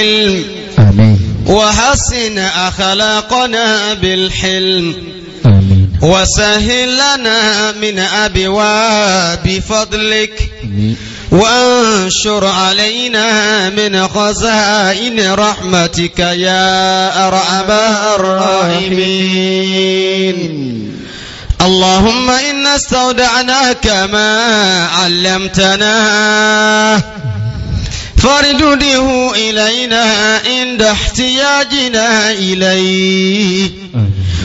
العلم آمين وحسن أخلاقنا بالحلم آمين لنا من أبواب فضلك آمين وانشر علينا من خزائن رحمتك يا أرحم الراحمين اللهم إنا استودعناك ما علمتنا فاردده إلينا عند احتياجنا إليه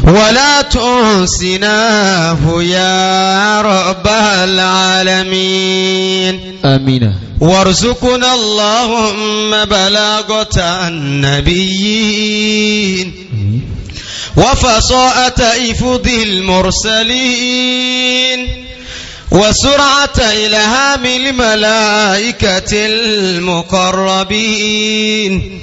ولا تنسناه يا رب العالمين آمين وارزقنا اللهم بلاغة النبيين وفصاءة إفض المرسلين وسرعة إلهام الملائكة المقربين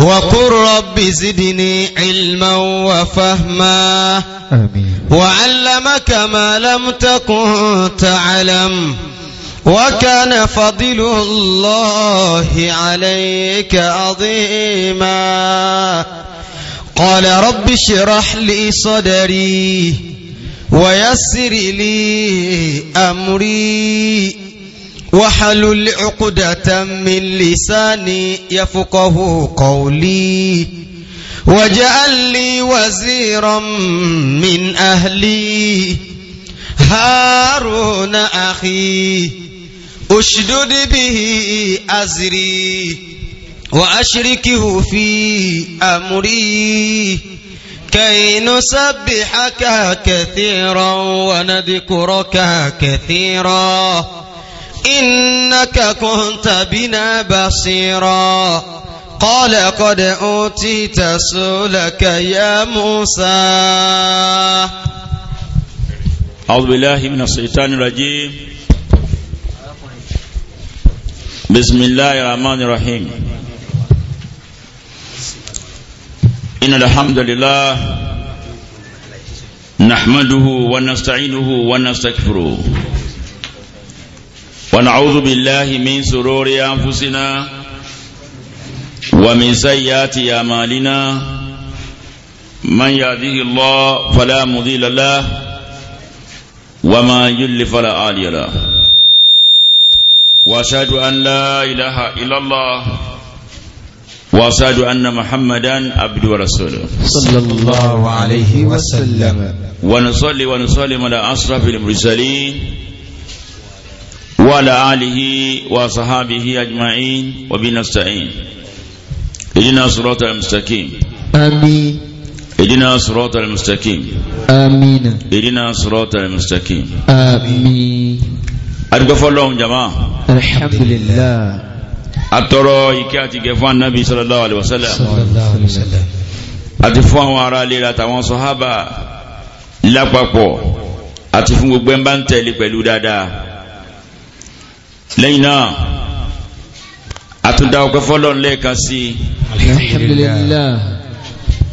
وقل رب زدني علما وفهما آمين وعلمك ما لم تكن تعلم وكان فضل الله عليك عظيما قال رب اشرح لي صدري ويسر لي أمري وحلل عقدة من لساني يفقه قولي واجعل لي وزيرا من أهلي هارون أخي أشدد به أزري وأشركه في أمري كي نسبحك كثيرا ونذكرك كثيرا إنك كنت بنا بصيرا قال قد أوتيت سؤلك يا موسى أعوذ بالله من الشيطان الرجيم بسم الله الرحمن الرحيم إن الحمد لله نحمده ونستعينه ونستغفره ونعوذ بالله من سرور أنفسنا ومن سيئات أعمالنا من يهده الله فلا مضل له وما يضلل فلا هادي له وأشهد أن لا إله إلا الله وأشهد أن محمدا عبد ورسوله صلى الله عليه وسلم ونصلي ونسلم على أشرف المرسلين وعلى آله وصحابه أجمعين وبنستعين اهدنا الصراط المستقيم آمين اهدنا الصراط المستقيم آمين اهدنا الصراط المستقيم آمين أرجو فالله جماعة الحمد لله atọrọ ìkẹ́ àti gẹ̀ fún annabi sallallahu alaihi wasallam àti fún àwọn ará lera àtàwọn sọ̀hábà lápapọ̀ àti fún gbogbo ẹmbá ń tẹ̀lé pẹ̀lú dáadáa lẹ́yìn náà àtúndà ọpẹ́ fọ́lọ́n lẹ́ẹ̀kan sí alhamdulillah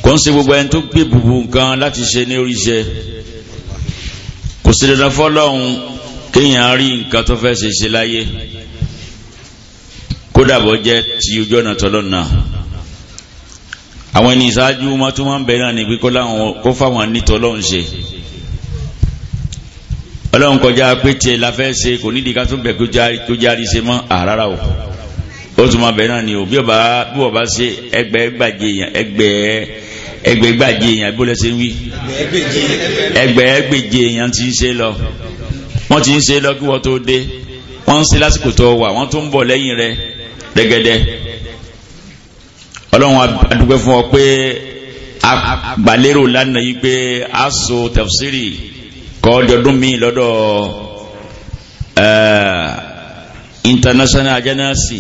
kò ń ṣe gbogbo ẹni tó gbé bùbù nǹkan láti ṣe ní orí kò sí dandan fọ́lọ́n kéèyàn rí nǹkan tó fẹ́ ṣe ṣe láyé kódà bọ́ jẹ́ ti ojú ọ̀nà tọ́lọ́n náà àwọn ẹni ìṣáájú wọn tún máa ń bẹ̀rẹ̀ ní pé kó fáwọn ní tọ́lọ́n ṣe ọlọ́run kọjá pé tiẹ̀ la fẹ́ ṣe kò nídìí ká tún bẹ̀ kó járí ṣe mọ́ àrárá o ó tún máa bẹ̀rẹ̀ ní o bí ọba bí ọba ṣe ẹgbẹ́ gbàjẹ èèyàn ẹgbẹ́ ẹgbẹ́ gbàjẹ èèyàn bó lẹ́sẹ̀ wí ẹgbẹ́ gbèjẹ èèyàn ti ń ṣe lọ wọ́n ti ń ṣe lọ kí wọ́n tó dé wọ́n ń ṣe lásìkò tó wà wọ́n tún ń bọ̀ lẹ́yìn rẹ̀ rẹ́gẹ́dẹ́ ọlọ́run adúgbẹ́ fún ọ pé agbalérò lánàá yìí pé aso tafsiri kọ́ọ́dọ̀ọ́dún mi lọ́dọ̀ international agency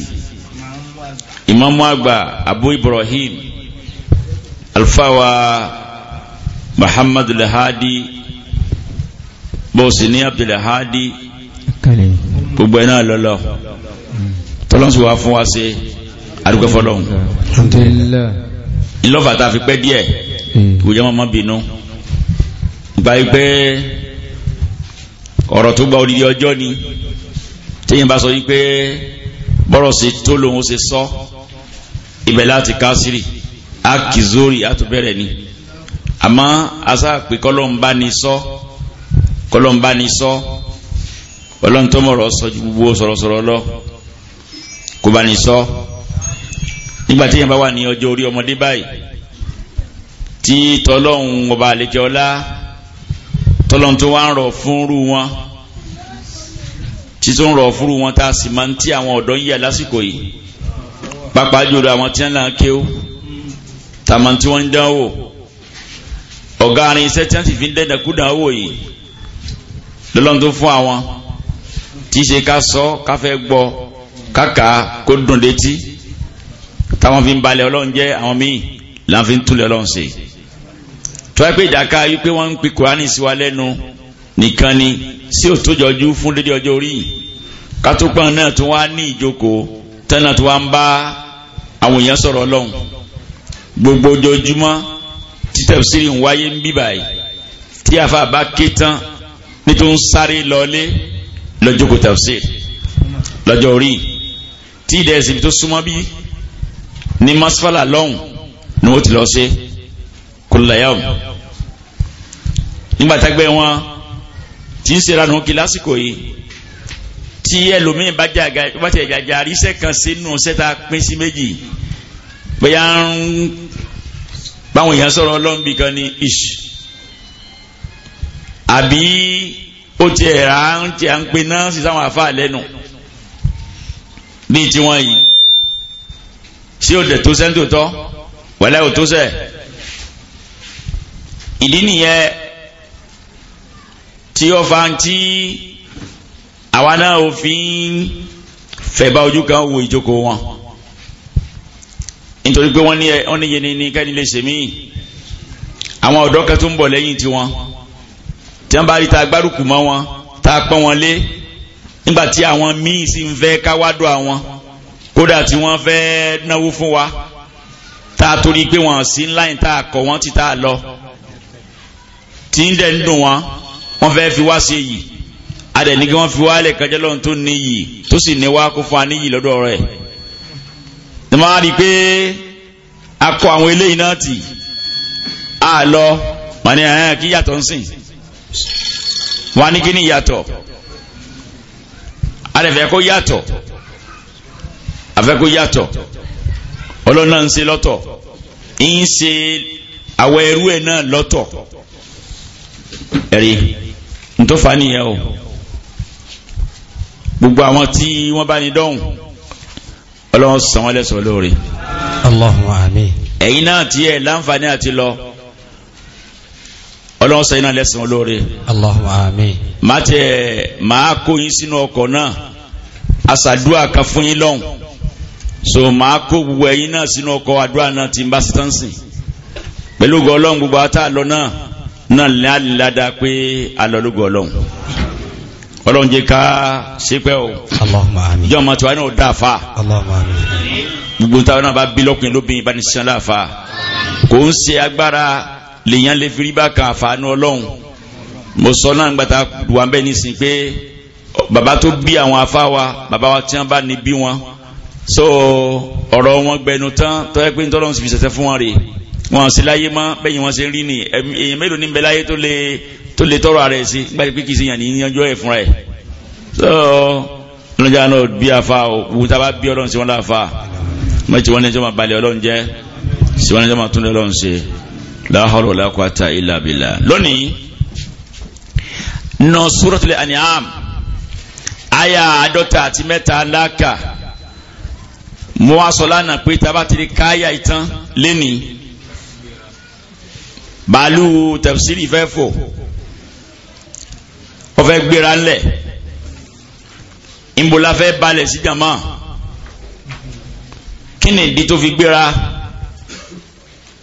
imamu àgbà abu ibrahim alfawa muhammadu lahadi Bosini ní abdulhadi gbogbo ẹ̀ náà lọ́lọ́ tọ́lọ́sí wa fún wa ṣe àdúgbò fọlọ́hún ìlọ́fà tá a fi pẹ́ díẹ̀ ìwòye hmm. ọmọ bínú gba pé ọ̀rọ̀ tó gba odidi ọjọ́ ni téèyàn bá sọ yí pé bọ́rọ̀ ṣe tó lòun ó ṣe sọ ibẹ̀ láti kásírì á kì zórí á tó bẹ̀rẹ̀ ni àmọ́ asáàpè kọ́lọ́mbá ni sọ kọ́lọ́mbá ni sọ ọlọ́ntọ́mọ̀rọ̀ sọ ju gbogbo sọ̀rọ̀sọ̀rọ̀ lọ kó bá ní sọ nígbà tí yẹn bá wà ní ọjọ́ orí ọmọdé báyìí tí tọlọ́hún ọba àlejò ọlá tọlọ́hún tó wá ń rọ̀ fúnrú wọn tí tó ń rọ̀ fúnrú wọn tá a sì máa ń tí àwọn ọ̀dọ́ ń yà lásìkò yìí pàápàá jùlọ àwọn tí wọn là ń kéwò tàmà tí wọ́n ń dánwò ọ̀gá arin iṣẹ́ tí wọ́n sì fi ń dẹ́dẹ̀kúdà wò yìí lọ́lọ́run tó fún àwọn tí í Kaka kó dùn létí táwọn fi ń balẹ̀ ọlọ́run jẹ́ àwọn míì là ń fi ń túlẹ̀ ọlọ́run sí tọ́wọ́ pé ìdàkà wípé wọ́n ń pe kùránì sí wa lẹ́nu nìkan ni sí ò tó jọjú fún dédé ọjọ́ orí kátópọ̀n náà tó wá ní ìjókòó tẹ́nà tó wá ń bá àwọn èèyàn sọ̀rọ̀ ọlọ́run gbogbo ojoojúmọ́ títẹ̀ sírí ń wáyé ń bíbà yìí tí àfa bá ké tán nítorí ń sáré lọlé lọ́jọ́ kò tafsir lọ́jọ́ orí yìí tí ìdẹ́ ìsìnbí tó súnmọ́ bí ní masfala lọ́hùn ni wọ́n ti lọ ṣe kòlùlàyàwó nígbàtàgbẹ́ wọn tí ń ṣera nù kí lásìkò yìí tí ẹlòmíì bá jẹ àjàjà àríṣẹ́ kan sínú sẹ́ta pín sí méjì bóyá ń báwọn èèyàn sọ̀rọ̀ ọlọ́run kan ní ish àbí ó ti ẹ̀ rà ń ti à ń pe náà sí sáwọn àfáà lẹ́nu bíi tiwọn yìí sí òde tó sẹ́ńtò tọ́ wàlẹ́ ò tó sẹ́ ìdí nìyẹn tí ó fa ti àwa náà ò fi ń fẹ̀bá ojú kan wo ìjókòó wọn nítorí pé wọ́n ní ẹ wọ́n ní yẹn ní kẹ́ni lè ṣe míì àwọn ọ̀dọ́ kan tó ń bọ̀ lẹ́yìn tiwọn tí wọ́n bá rí ta gbárùkù mọ́ wọn tá pọ́n wọn lé nígbàtí àwọn míì sì ń fẹ́ káwádùn àwọn kódà tí wọ́n fẹ́ náwó fún wa tá a torí pé wọ́n sí ńláyìn tá a kọ̀ wọ́n ti tá a lọ tí ń dẹ̀ ń dùn wọn wọ́n fẹ́ fi wá sí yìí adẹ̀ ní kí wọ́n fi wá lẹ̀ kájẹ́ lọ́run tó ní yìí tó sì ní wá kó fún wa ní yìí lọ́dọ̀ rẹ̀ ní wọ́n rí i pé a kọ àwọn eléyìí náà tì á lọ wọ́n ní kí yàtọ̀ ń sìn wọ́n á ní kí ni yàtọ̀ rẹ̀ fẹ́ kó yàtọ̀ afẹ́ kó yàtọ̀ ọlọ́nà ń ṣe lọ́tọ̀ ń ṣe àwọ̀ ẹrú ẹ̀ náà lọ́tọ̀ ẹ̀rí ntọ́fà nìyẹn o gbogbo àwọn tí wọ́n bá ní dọ́hùn ọlọ́run sàn wọ́n lẹ́sọ̀ lóore Allahumma àmín ẹ̀yin náà tí ẹ̀ láǹfààní àti lọ ọlọ́run sàn yín lóore má tẹ̀ máa kó yín sínú ọkọ̀ náà àṣàdúà kan fún yín lọ́hùn so màá kó gbogbo ẹ̀yin náà sínú ọkọ̀ àdúà náà ti ń bá sítánsì pẹ̀lú ògo ọlọ́run gbogbo àtà lọ náà náà ní àlìládàá pé alọ́lógo ọlọ́run ọlọ́run jẹ́ ká ṣépẹ́ o ìjọ ọmọ tiwa náà dáa fa gbogbo táwọn náà bá bí lọ́kùnrin lóbìnrin ìbánisíṣẹ́ láàfa kò ń ṣe agbára lèèyàn lè fi bá kan àfààní ọlọ́run mo sọ náà gbàtà wà ń bẹ́ pé bàbá tó bí àwọn afá wa bàbá wa tí bá ní bí wọn so ọ̀rọ̀ wọn gbẹnu tán tó yẹ pé ń tọ́lọ́ fi ṣẹ̀ṣẹ̀ fún wọn rè wọn sì láyé mọ́ bẹ́yìn wọn ṣe ń rí ni èèyàn mélòó ní ń tó lè tọrọ ààrẹ sí gbàgbé pé kì í ṣe yàn ní yanjú ẹ̀ fúnra ẹ̀ so lọ́jà náà bí afa òkú tá a bá bí ọlọ́run sí wọn láfa mọ̀tí wọn ní ẹjọ́ máa balẹ̀ ọlọ́run jẹ́ sí wọn ní ẹjọ́ máa tún ọlọ́run ṣe Aya àádọ́ta àti mẹ́ta láàkà mo wá sọ lánàá pé tá a bá ti rí káyà ìtàn lénìí bàálù tẹ̀síìrì fẹ́ fò ọfẹ́ gbéra ńlẹ̀ ìmọ̀lá fẹ́ balẹ̀ sí jàmá kí ni ìdí tó fi gbéra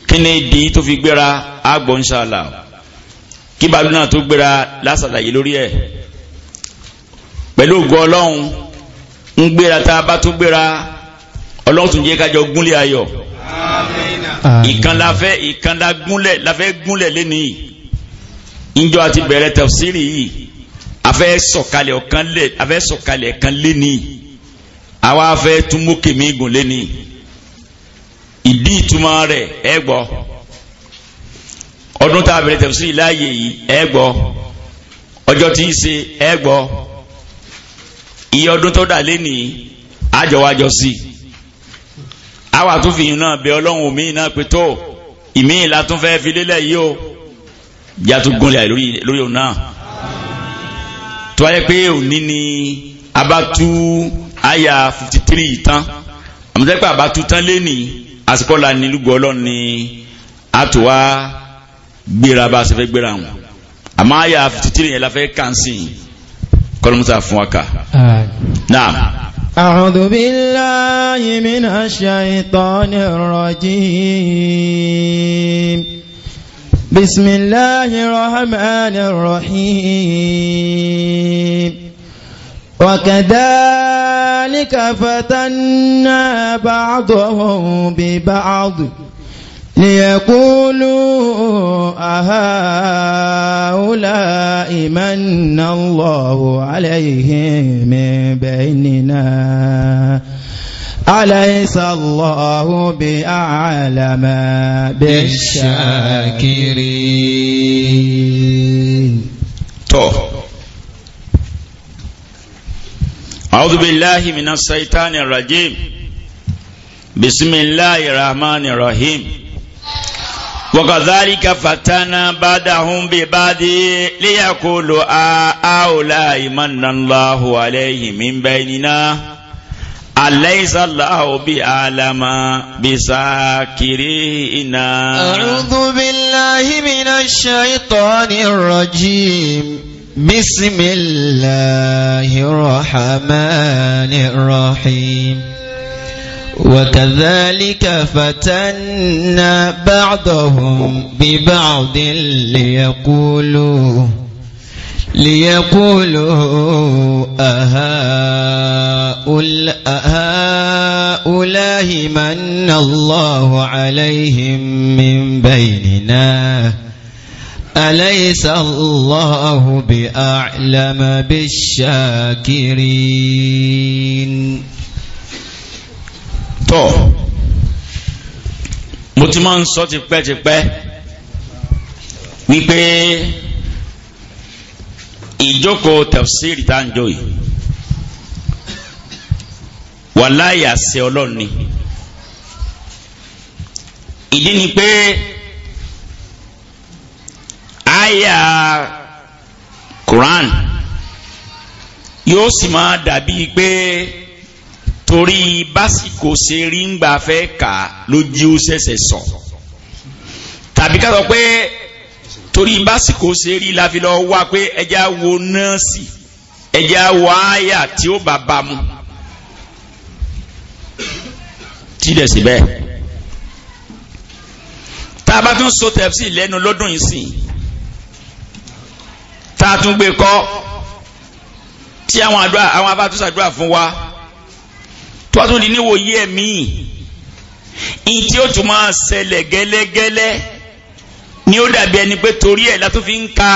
kí ni ìdí tó fi gbéra àgbọ̀n kí bàálù náà tó gbéra lásàlàyé lórí ẹ̀. E pẹ̀lú ògo ọlọ́run ń gbéra tá a bá tún gbéra ọlọ́run tún jẹ́ kájọ gúnlẹ̀ ayọ̀ ìkan la fẹ́ ìkan la gúnlẹ̀ la fẹ́ gúnlẹ̀ lénìí njọ àti bẹ̀rẹ̀ tafsiri yìí a sọ̀kalẹ̀ ọ̀kan lẹ̀ a fẹ́ sọ̀kalẹ̀ kan lénìí àwa fẹ́ tún mókè mí gùn lénìí ìdí ìtumọ̀ rẹ̀ ẹ gbọ́ ọdún tá a bẹ̀rẹ̀ tafsiri láàyè yìí ẹ gbọ́ ọjọ́ tí í ṣe ẹ gbọ́ iye ọdún tó dà lé ní àjọwájọ sí àwa tún fi náà bẹ ọlọ́run mi náà pé tó ìmí ìlà tún fẹ́ fi lélẹ̀ yìí o ìjà tún gúnlẹ̀ lórí òun náà tó wáyé pé òní ni abatu aya fifty three tán àmọ́tẹ́pẹ́ abatu tán lé ní àsìkò la nílùgbọ́ ọlọ́run ni àtúwá gbéra bá a ṣe fẹ́ gbéra wọn àmọ́ aya fifty three yẹn la fẹ́ kàn sí i kọlọmọsá fún wa ká. naam. أعوذ بالله من الشيطان الرجيم بسم الله الرحمن الرحيم وكذلك فتنا بعضهم ببعض ليقولوا أهؤلاء من الله عليهم من بيننا أليس الله بأعلم بالشاكرين أعوذ بالله من الشيطان الرجيم بسم الله الرحمن الرحيم وكذلك فتنا بعدهم ببعض ليقولوا هؤلاء من الله عليهم من بيننا أليس الله بأعلم بساكرين أعوذ بالله من الشيطان الرجيم بسم الله الرحمن الرحيم وكذلك فتنا بعضهم ببعض ليقولوا ليقولوا أهؤلاء من الله عليهم من بيننا أليس الله بأعلم بالشاكرين tọ̀ mo ti máa ń sọ tipẹ́tipẹ́ wípé ìjókòó tẹ̀síìrì tá à ń jò yìí wàláyà àṣẹ ọlọ́run ni ìdí ni pé àyà Quran yóò sì máa dàbí pé torí básìkò ṣe rí ń gbà fẹ́ kà ló jí ó ṣẹ̀ṣẹ̀ sọ tàbí ká sọ pé torí básìkò ṣe rí la fi lọ wá pé ẹja wo nọ́ọ̀sì ẹja wo àyà tí ó bàbá mu tí dẹ̀ sí bẹ́ẹ̀ tá a bá tún so tẹ̀sí lẹ́nu lọ́dún yìí sìn tá a tún gbé kọ́ tí àwọn àdúrà àwọn abátúnṣàdúrà fún wa tó a tún di níwò yí ẹ̀mí yìí tí ó tún máa ṣẹlẹ̀ gẹ́lẹ́gẹ́lẹ́ ni ó dàbí ẹni pé torí ẹ̀ látó fi ń ka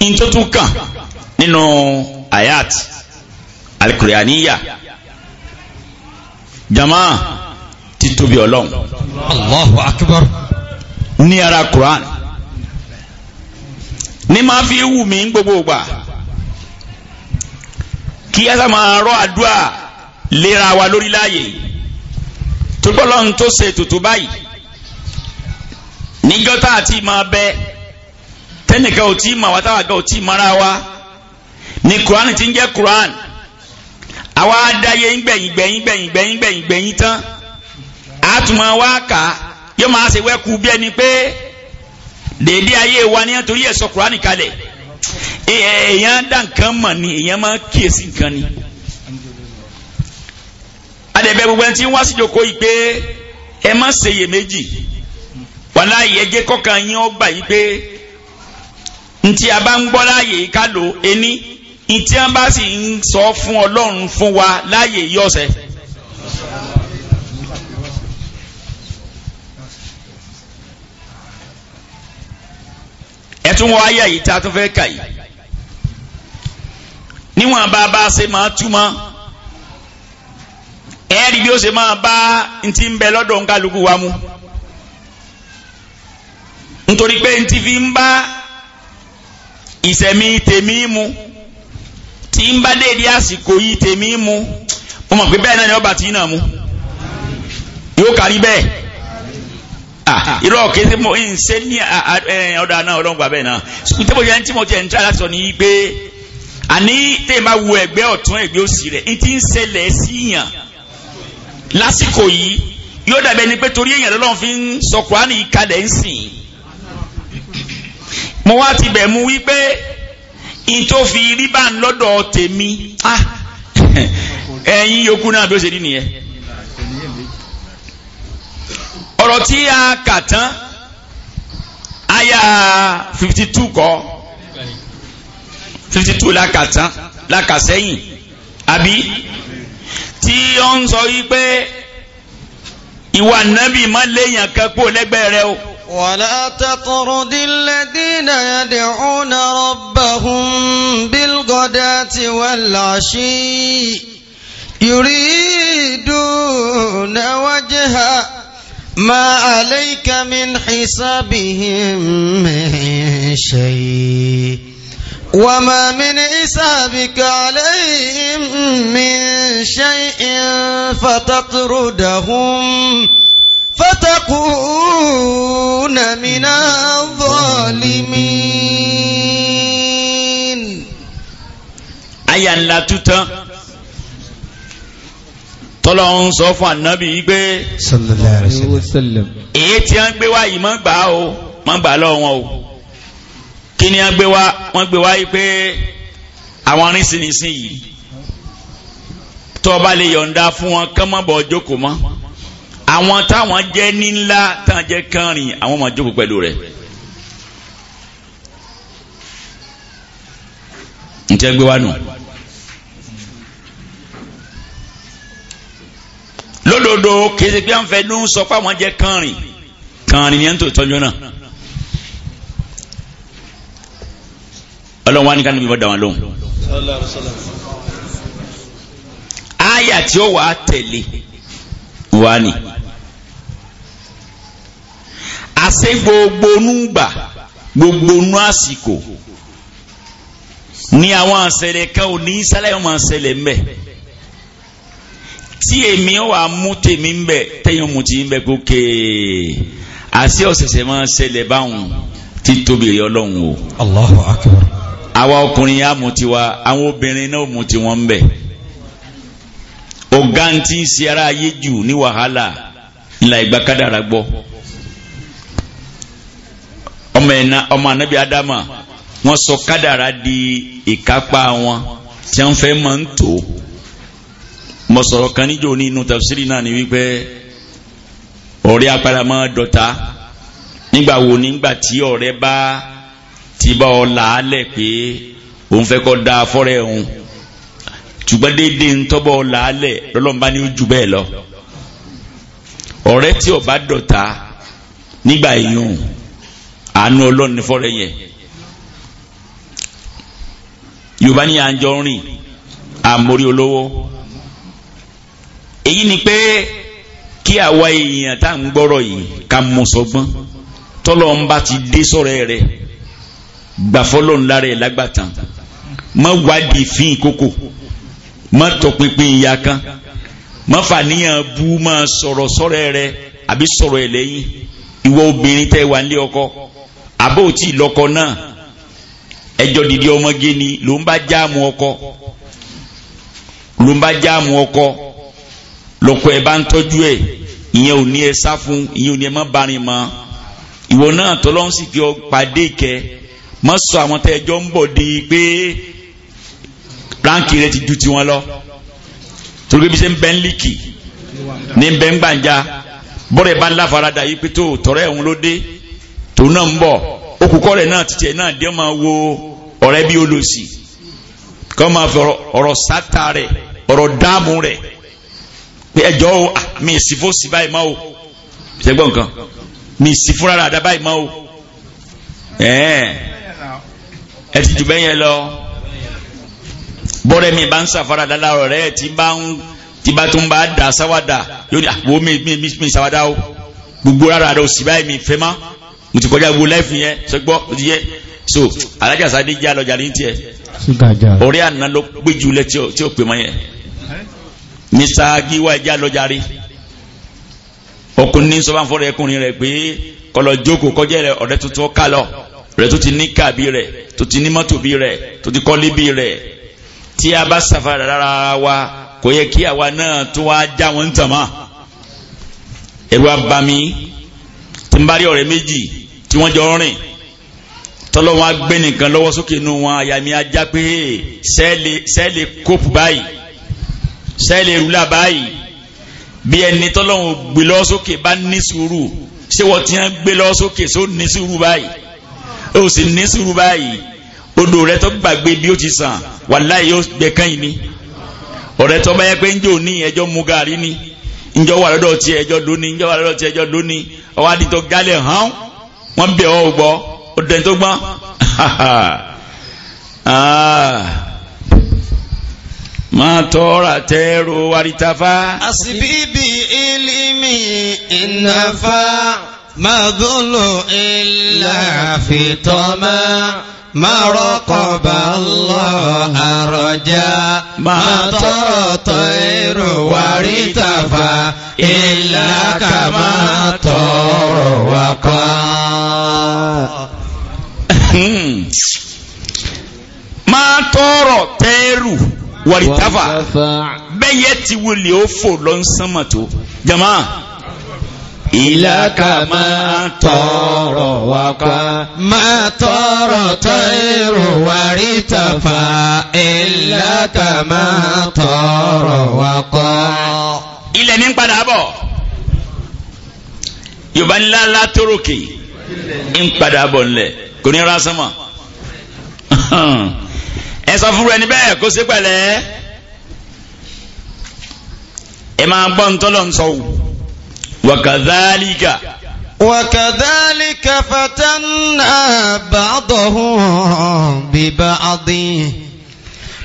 ní tó tún kàn nínú ayat alikurianiya jama ti tóbi ọlọ́run. Allahu akbar. ní ara Quran ní máa fi wù mí gbogbo gbà kí ẹ sá máa rọ àdúrà. lera wa lórí láàyè tupọlọ́n tó ṣe tutù báyìí a ti bẹ ò tí ì mọ̀ ò tí ni Quran ti ń jẹ́ Quran àwa adáyé ń gbẹ̀yìn gbẹ̀yìn gbẹ̀yìn gbẹ̀yìn gbẹ̀yìn tán kà yóò máa ṣe pé dèédé ayé wa ni torí ẹ̀ sọ Quran kalẹ̀ èèyàn nǹkan mọ̀ ni èèyàn máa kíyèsí nǹkan ni. adẹ̀bẹ̀ gbogbo ẹni tí ń wá sí ìjòkó yìí pé ẹ má ṣe iyè méjì wàhálà ìyẹ́jẹ́ kọ́kàn yín ó gbà yìí pé ntí a bá ń gbọ́ láàyè yìí ká lò ení ntí a bá sì ń sọ fún ọlọ́run fún wa láàyè yìí ọ̀sẹ̀. ẹ̀tún wọ ayé yìí tá a tún fẹ́ kà yìí níwọ̀n bá a bá a ṣe máa túmọ̀ ẹ̀ẹ́rì bí ó ṣe máa bá ntí ń bẹ lọ́dọ̀ ń kálukú wa mu nítorí pé ntí fi ń bá ìsẹ̀mí tèmí mu tí ń bá déédéé àsìkò yìí tèmí mu mo mọ̀ pé bẹ́ẹ̀ náà ni ọba tí náà mu yóò kárí bẹ́ẹ̀ ah, irọ́ kéde mo ń ṣe ní ah, ah, ọ̀dà náà ọlọ́run gbà bẹ́ẹ̀ náà sùkúl tí mo yẹ ní tí mo tiẹ̀ ń tí a láti sọ ní pé àní tèmi wo ẹgbẹ́ ọ̀tún ẹgbẹ́ òsì rẹ̀ ntí ń ṣẹlẹ̀ síyàn lásìkò yìí yóò dàbẹ̀ ni pé torí èèyàn lọ́lọ́run fi ń sọ kùránì yìí kalẹ̀ ń sìn mo wá ti bẹ̀ mu wípé ìtòfi rí bá ń lọ́dọ̀ tèmi ah, ẹ̀yin yòókù náà bí ó ṣe rí nìyẹn ọ̀rọ̀ tí a kà tán aya fifty two kọ́ fifty two la kà tán la kà sẹ́yìn àbí tí ó ń sọ yí pé ìwà nábì má léèyàn kan kó lẹ́gbẹ̀ẹ́ rẹ o. ولا تطرد الذين يدعون ربهم بالغداة والعشي يريدون وجها ما عليك من حسابهم من شيء وما من حسابك عليهم من شيء فتطردهم فتكون من الظالمين àyà ńlá tuntun tọ́lọ́ ń sọ fún ànábì yìí pé sallallahu alaihi wasallam èyí tí wọ́n ń gbé wáyìí má gbà á o má gbà á lọ́wọ́ wọn o kí ni wọ́n gbé wá wọ́n gbé wá yìí pé àwọn arìnsìnìsìn yìí tọ́ba lè yọ̀ǹda fún wọn kọ́mọ́bọ̀ jókòó mọ́ àwọn táwọn jẹ́ ní tán jẹ́ kánrin àwọn máa jókòó pẹ̀lú rẹ̀. ntẹ gbé wa nù lódodo kìí ṣe pé à ń fẹ́ ló sọ pé àwọn jẹ́ kánrin kánrin ni ẹ̀ ń tò tọ́jú náà. ọlọ́run wá ní kánú bíbọ́ dá wọn lóhùn. àyà tí ó wà á tẹ̀lé wá ní. àṣẹ gbogbo nùgbà gbogbo nù àsìkò ní àwọn àṣẹlẹ̀ kan ò ní sálẹ̀ wọn àṣẹlẹ̀ mbẹ́ tí èmi wà mú tèmi mbẹ tẹ̀yìn mú ti mbẹ gòkè àṣẹ ọ̀sẹ̀sẹ̀ máa ṣẹlẹ̀ báwọn títóbi ọlọ́run o. Allahu akbar àwa ọkùnrin á mú tiwa àwọn obìnrin náà mú tiwọn ń bẹ̀ ọ̀gá tí ń ṣe ara ayé jù ní wàhálà ńlá ìgbà kádàrà gbọ́ ọmọ ẹ̀na ọmọ anabi adama wọ́n sọ kádàrà di ìkápá wọn tí wọ́n fẹ́ máa ń tò mo sọ̀rọ̀ kan níjó ní inú tafsiri náà ni wípé ọ̀rẹ́ apáramọ́ dọ̀ta nígbà wo nígbà tí ọ̀rẹ́ bá. Tiba bá ọ làálẹ̀ pé òun fẹ́ kọ́ da afọ́rẹ́ òun ṣùgbọ́n déédéé ń tọ́bọ̀ ọ làálẹ̀ lọ́lọ́mọba ni ó jù bẹ́ẹ̀ lọ ọ̀rẹ́ tí ó bá dọ̀ta nígbà yìnyín àánú ọlọ́ọ̀ni fọ́rẹ́ yẹn yorùbá ní àjọ rìn àmórí olówó èyí ni pé kí àwa èèyàn tá à ń gbọ́rọ̀ yìí ká mú sọgbọ́n tọ́lọ́ ń bá ti dé sọ́rẹ́ rẹ̀ gbàfọ́lọ́ ńlá rẹ̀ lágbàtàn má wádìí fín ìkókò má tọpinpin ìyá kan má fàníyàn bú má sọ̀rọ̀ sọ́rẹ́ rẹ àbí sọ̀rọ̀ ẹ̀ lẹ́yìn ìwọ obìnrin tẹ́ wà nílé ọkọ àbó tí lọ́kọ náà ẹjọ́ dìde ọmọge ni ló ń bá jáàmù ọkọ ló ń bá jáàmù ọkọ lọ́kọ ẹ̀ bá ń tọ́jú ẹ̀ ìyẹn ò ní ẹ sá fún ìyẹn ò ní ẹ má bá rìn mọ́ ìwọ náà tọ́lọ́ ń sì kí ọ pàdé ìkẹ́ má sọ àwọn tẹ́ ẹjọ́ ń bọ̀ di pé ránkì rẹ ti ju tiwọn lọ torí bí ṣe ń bẹ ń líkì ní bẹ ń gbàǹjà bọ́rẹ̀ bá ń láfarada yìí pé tó tọ̀rẹ́ òun ló dé tòun náà ń bọ̀ okùnkọ́ rẹ̀ náà títí ẹ̀ náà dé máa wo ọ̀rẹ́ bí olòṣì kọ́ máa fi ọ̀rọ̀ sátà rẹ̀ ọ̀rọ̀ dáàmú rẹ̀ pé ẹjọ́ o mi sì fó sí báyìí máa o ṣẹ́gbọ́n kan mi sì fúnra rà dá báyìí máa o ẹ̀ẹ́ ẹ ti jù bẹ́yẹn lọ bọ́rẹ̀ mi bá ń sàfara dáadáa rẹ̀ tí bá ń tí bá tún bá dà sáwádà yóò ní àwọn ah, mi mi mi mi sáwádà o gbogbo rárá rẹ o sì báyìí mi fẹ́ mọ́ mo ti kọjá gbogbo láìfù yẹn sọgbọ́ o ti yẹ so alájà sáde jẹ́ alọ́jà ní tiẹ̀ ọ̀rẹ́ àná ló gbé jùlẹ̀ tí ó pè mọ́ yẹn ní sáàgì wá ẹjẹ́ alọ́jà rí ọkùnrin sọ́bàfọ́ rẹ̀ ẹkùnrin rẹ̀ pé kọlọ̀ jókòó kọjá rẹ̀ ọ̀rẹ́ tuntun ká rẹ̀ tó ti ní kàbí rẹ̀ tó ti ní mọ́tò bí rẹ̀ tó ti kọ́lé bí rẹ̀ tí a bá sàfàrà rárá wa kò yẹ kí àwa náà tó wá já wọn tàn mọ́ ẹ̀rù abami tí n bá rí ọ̀rẹ́ méjì tí wọ́n jọ rìn tọ́lọ́ wọn gbé nìkan lọ́wọ́ sókè inú wọn àyàmí ajá pé sẹ́ẹ̀lì sẹ́ẹ̀lì kóòpù báyìí sẹ́ẹ̀lì rúlà báyìí bí ẹni tọ́lọ́ wọn gbé lọ́wọ́ sókè bá ní sùúrù ṣé wọ́n ti ń gbé lọ́wọ́ sókè só ní sùúrù báyìí o sì ní sùúrù báyìí odò rẹ tó gbàgbé bí ó ti sàn wàláhì yóò gbẹ kẹ́yìn ni ọ̀rẹ́ tó bá yẹ pé ń jò ní ẹjọ́ mu gàrí ni ńjọ́ wà lọ́dọ̀ tí ẹjọ́ lóní ńjọ́ wà lọ́dọ̀ tí ẹjọ́ lóní ọwọ́ adìtọ̀ gálẹ̀ hàn wọ́n bẹ̀ ọ́ gbọ́ ọdẹ tó gbọ́n ah. máa tọ́ra tẹ́rù wàrítafá. àsìbíbi ìlímì ìnáfà. ما ظل إلا في طمع ما رقب الله رجا ما طر طير وارتفى، إلا كما طر وقع ما tọrọ طير وارتفى، bẹ́yẹ ti wulẹ̀ ó fò lọ́nsánmà tó jama ìlàkà máa tọrọ wákà máa tọrọ tẹ́rù wárí tàfà ìlàkà máa tọrọ wákà. ilẹ̀ ní padà bọ̀ yorùbá ńlá ńlá tórókè ń padà bọ̀ ńlẹ̀ kò ní ra sánmà ẹ sọ ẹni bẹ́ẹ̀ kó sí pẹ̀lẹ́ ẹ máa gbọ́ ń tọ́lọ̀ وكذلك وكذلك فتنا بعضهم ببعض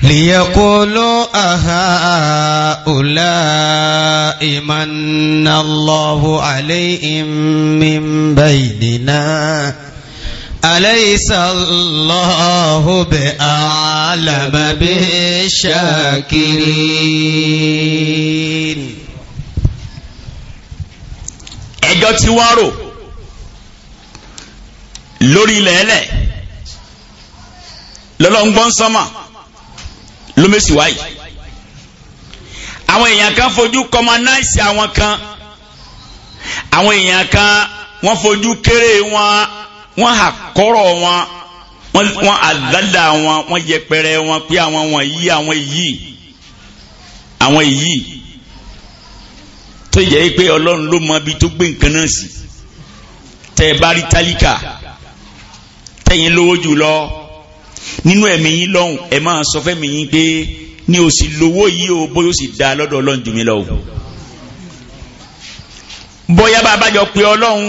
ليقولوا أهؤلاء من الله عليهم من بيننا أليس الله بأعلم بالشاكرين ẹjọ́ tí wọ́n rò lórí ilẹ̀ ẹlẹ̀ lọ́lọ́ngbọ́n sọ́mà lómẹ́sì wáyé àwọn èèyàn kan fojú kọmanáìsì àwọn kan àwọn èèyàn kan wọ́n fojú kéré wọn wọ́n àkọ́rọ̀ wọn wọ́n àdádà wọn wọ́n yẹpẹrẹ wọn pé àwọn wọ̀nyí àwọn èyí àwọn èyí tó yẹ pé ọlọ́run ló mọ ibi tó gbé nǹkan náà sí tẹ ẹ bá rí tálíkà tẹyin lówó jù lọ nínú ẹ̀mí yín lọ́hùn ẹ máa sọ fẹ́mi yín pé ní o sì lówó yìí o bóyá o sì da lọ́dọ̀ ọlọ́run jù mí lọ o bóyá bá a bá jọ pé ọlọ́run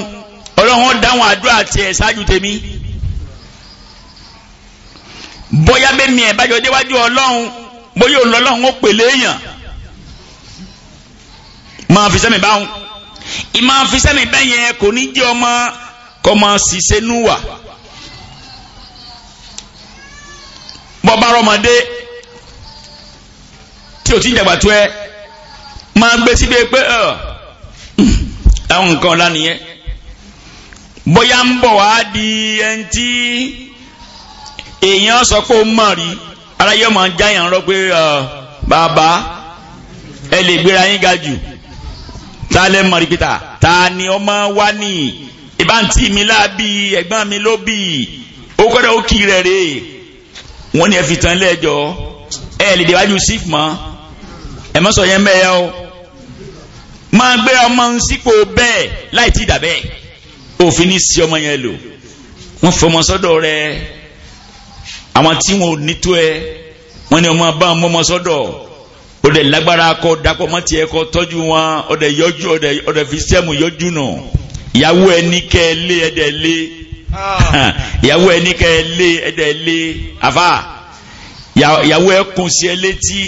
ọlọ́run ó dáhùn àdúrà tiẹ̀ ṣáájú tèmi bóyá bẹ́ẹ̀ mi ẹ̀ bá jọ déwájú ọlọ́run bóyá òun ó pèlè èèyàn máa fi sẹ́mi báwọn ìmọ̀ fi sẹ́mi bẹ́ẹ̀ yẹn kò ní jẹ́ ọmọ kọ́ máa ṣiṣẹ́ núwà bọ́bá rọmọdé tí o ti ń dàgbà tó ẹ máa gbé síbi pé àwọn nǹkan ọ̀la nìyẹn bóyá ń bọ̀ wá di ẹni tí èèyàn sọ pé ó mọ̀ rí aráyé ọmọ jáyàn rọ pé bàbá ẹ lè gbéra yín ga jù ta lẹ́ mọ̀ ríkítà ta ni ọmọ wa ní ìbáǹtí mi láàbí ẹ̀gbọ́n mi ló bí ó kọ́dọ̀ ó kì í rẹ̀ rè wọ́n ní ẹ fi tán lẹ́jọ́ ẹ lè déwájú sífù mọ́ ẹ mọ́ sọ yẹn bẹ́ẹ̀ o máa gbé ọmọ ń sípò bẹ́ẹ̀ láì tí dà bẹ́ẹ̀ òfin ní sí ọmọ yẹn lò wọ́n fọmọ sọ́dọ̀ rẹ̀ àwọn tí wọn ò ní tó ẹ wọ́n ní ọmọ bá ọmọ sọ́dọ̀ ọdẹ lágbára kọ dakọ mọtì ẹkọ tọ́jú wọn ọdẹ yọjú ọdẹ ọdẹ fi sẹmu yọjú nù ìyàwó ẹni kẹ lé ẹdẹ lé ah. ìyàwó ẹni kẹ lé ẹdẹ lé àfà ìyàwó ẹkùn sí ẹ létí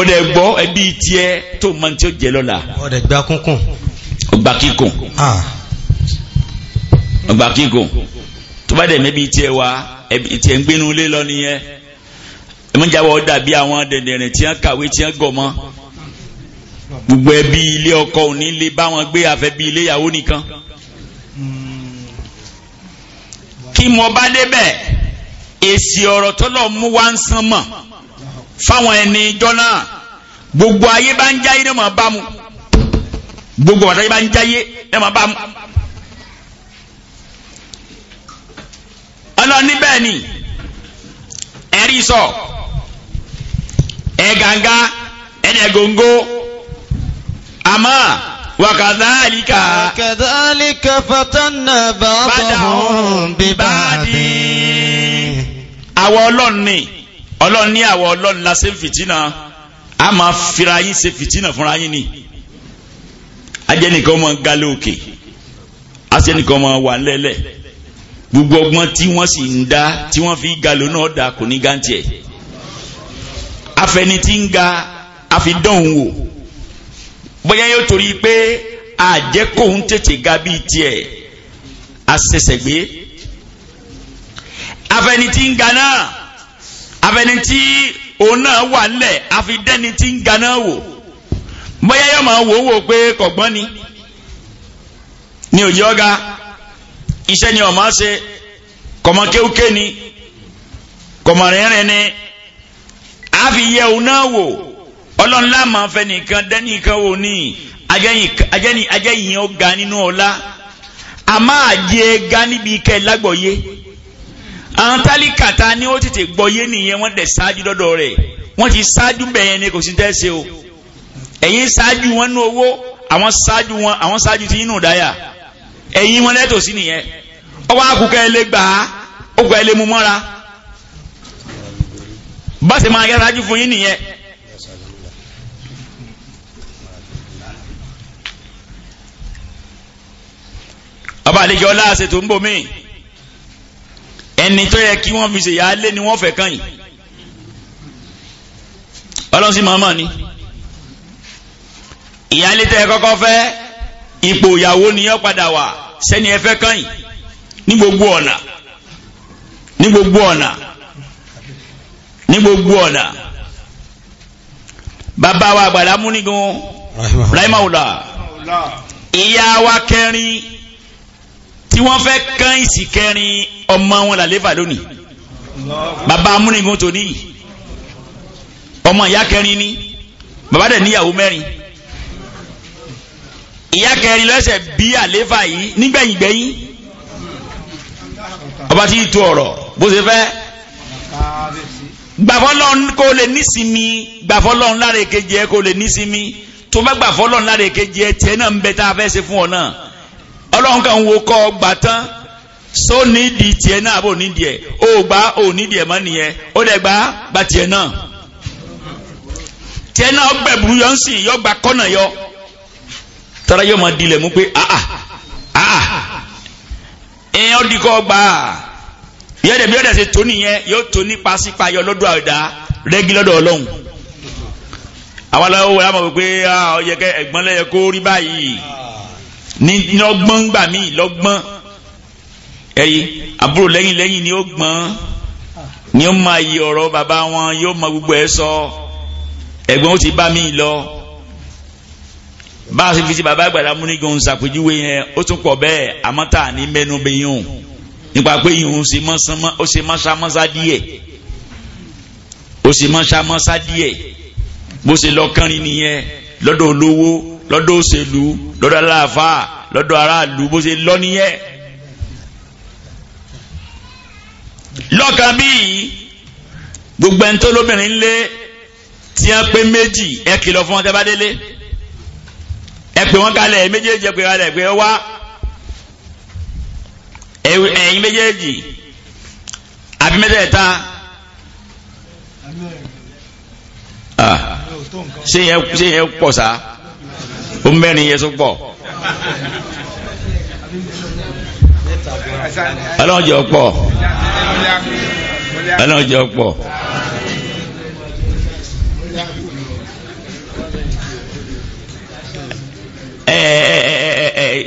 ọdẹ gbọ́ ẹbí tiẹ tó máa ti jẹ lọ́la. ọdẹ gba kúnkún. ọgbà kíkùn ọgbà ah. kíkùn tó bá dẹ̀ mẹ́bí tiẹ wa ẹbí tiẹ ń gbénu lé lọ nìyẹn ẹmọ́jáwọ́ dàbí àwọn dẹ̀dẹ̀rìn tí wọ́n kàwé tí wọ́n gọ̀ mọ́ gbogbo ẹbí ilé ọkọ òní lè bá wọn gbé àfẹ́ bí ilé ìyàwó nìkan kí mo bá débẹ̀ èsì ọ̀rọ̀ tọ́lọ̀ mú wá ń san mọ̀ fáwọn ẹni ìjọ náà gbogbo ayé bá ń jáyé náà máa bá mu gbogbo àtàyé bá ń jáyé náà máa bá mu. ọlọ́ni ni ẹ̀rí sọ. So ẹ̀yẹ ganga ẹ̀yẹ góńgó àmọ́ wàkàdálíkà. wàkàdálíkà fatanna ba'dahum bi ba'di. àwọn ọlọ́run ni ọlọ́run ní àwọn ọlọ́run la ṣe ń fìtínà a máa fira yín ṣe fìtínà fúnra yín ni ajẹ́nìkan máa ń galé òkè asẹ́nìkan máa wà lẹ́lẹ̀ gbogbo ọgbọ́n tí wọ́n sì ń dá tí wọ́n fi galé náà dá kò ní gántì ẹ̀. afẹni tí ń ga àfidọ́hùn wò bóyá yóò torí pé àjẹkóhun tètè ga bíi tiẹ̀ àṣẹṣẹgbé afẹni ń ga náà afẹni tí òun náà wà lẹ̀ àfidẹ́ni ti ń ga náà wò bóyá yóò máa wò ó wò pé kọ̀gbọ́n ni ni òye ọ̀gá iṣẹ́ ni ọ̀ ṣe kọ̀mọ́ kéwké kọ̀mọ́ rẹ́rẹ́ ni. a fi yẹ òun náà wò ọlọ́run láàmú afẹ́ nìkan dẹ́nìkan wò ní ajẹ́yìn ọ̀gá nínú ọlá a máa jẹ ga níbi ikẹ́ lágbọ̀yé àwọn tálíkà ni ó tètè gbọ́yé nìyẹn wọ́n dẹ̀ ṣáájú dọ́dọ̀ rẹ̀ wọ́n ti ṣáájú bẹ̀yẹn ni kò sí tẹ́sẹ̀ o ẹ̀yin ṣáájú wọn ní owó àwọn ṣáájú wọn àwọn ṣáájú ti inú dáyà ẹ̀yin wọn lẹ́tọ̀ọ́ sí nìyẹn ọwọ́ àkùkẹ́ ẹlẹ́gbàá ó gbà ẹlẹ́mú mọ́ra bá ṣe máa yára jù fún yín nìyẹn. ọba àlejò ọlá àṣetò ń bò mí ẹni tó yẹ kí wọ́n fi ṣèyá lé ni wọ́n fẹ́ kàn yìí ọlọ́run sì ni ìyáálé tẹ́ ẹ kọ́kọ́ fẹ́ ipò ìyàwó ni yọ́ padà wà sẹ́ni ẹ fẹ́ kàn yìí ní gbogbo ọ̀nà ní gbogbo ọ̀nà ní gbogbo ọ̀nà bàbá wa àgbàdá múnigun rahimahula ìyá wa kẹrin tí wọ́n fẹ́ kán ìsì kẹrin ọmọ wọn làlẹ́fà lónìí bàbá múnigun tó níyì ọmọ ìyá kẹrin ni bàbá dẹ̀ níyàwó mẹ́rin ìyá kẹrin lọ́sẹ̀ bí àléfà yìí nígbẹ̀yìngbẹ̀yìn ọba tí ì tu ọ̀rọ̀ bó ṣe fẹ́ gbàfọ́lọ́n kò lè nísìmí gbàfọ́lọ́n lára èkejì ẹ kó lè nísìmí tó bá gbàfọ́lọ́n lára èkejì ẹ tiẹ̀ náà ń bẹ tá a fẹ́ fún ọ náà ọlọ́run kan so nídìí tiẹ̀ náà àbò nídìí ẹ̀ ó gbà ó nídìí ẹ̀ mọ́ nìyẹn ó dẹ̀ gbà gbà náà náà ń sìn yọ gbà kọ́nà yọ tọ́lá yóò máa dilẹ̀ mú pé ah, ah, ah, ẹ̀yàn yẹ́dẹ̀ bí ọ̀dẹ̀ ṣe tó nìyẹn yóò tó nípa sípayọ lọ́dọ̀ àdá rẹ́gí lọ́dọ̀ ọlọ́run àwọn aláwọ̀ wọlé àmọ̀ pé ọyẹ kẹ ẹ̀gbọ́n lẹ́yẹ kó rí báyìí ní lọ́gbọ́n gbà mí lọ́gbọ́n ẹ̀yìn àbúrò lẹ́yìn lẹ́yìn ni ó gbọ́n ni ó máa yí ọ̀rọ̀ bàbá wọn yóò mọ gbogbo ẹ̀ sọ ẹ̀gbọ́n ó ti bá mi lọ bá a ṣe fi ti bàbá àgbàdá múnigun ṣàpèjúwe yẹn ó tún pọ̀ bẹ́ẹ̀ àmọ́ tà ní mẹ́nu bẹ́yìn òun nípa pé irun ṣe mọ́sánmọ́ ó ṣe mọ́sámọ́sá díẹ̀ ó ṣe mọ́sámọ́sá díẹ̀ bó ṣe lọ́kànrin nìyẹn lọ́dọ̀ olówó lọ́dọ̀ òṣèlú lọ́dọ̀ aláàfáà lọ́dọ̀ aráàlú bó ṣe lọ nìyẹn. lọ́kàn bíi gbogbo ẹni tó lóbìnrin lé tí wọ́n pé méjì ẹ kìlọ̀ fún wọn tẹ́ bá délé ẹ pè wọ́n kalẹ̀ méjèèjì ẹ pè wọ́n kalẹ̀ pé wá ẹ̀yin méjèèjì àbí mẹ́tẹ̀ẹ̀ta ṣé yẹn pọ̀ sá ó mẹ́rin yẹn tó pọ̀ ọlọ́run jẹ́ ọ̀pọ̀ ọlọ́run jẹ́ ọ̀pọ̀.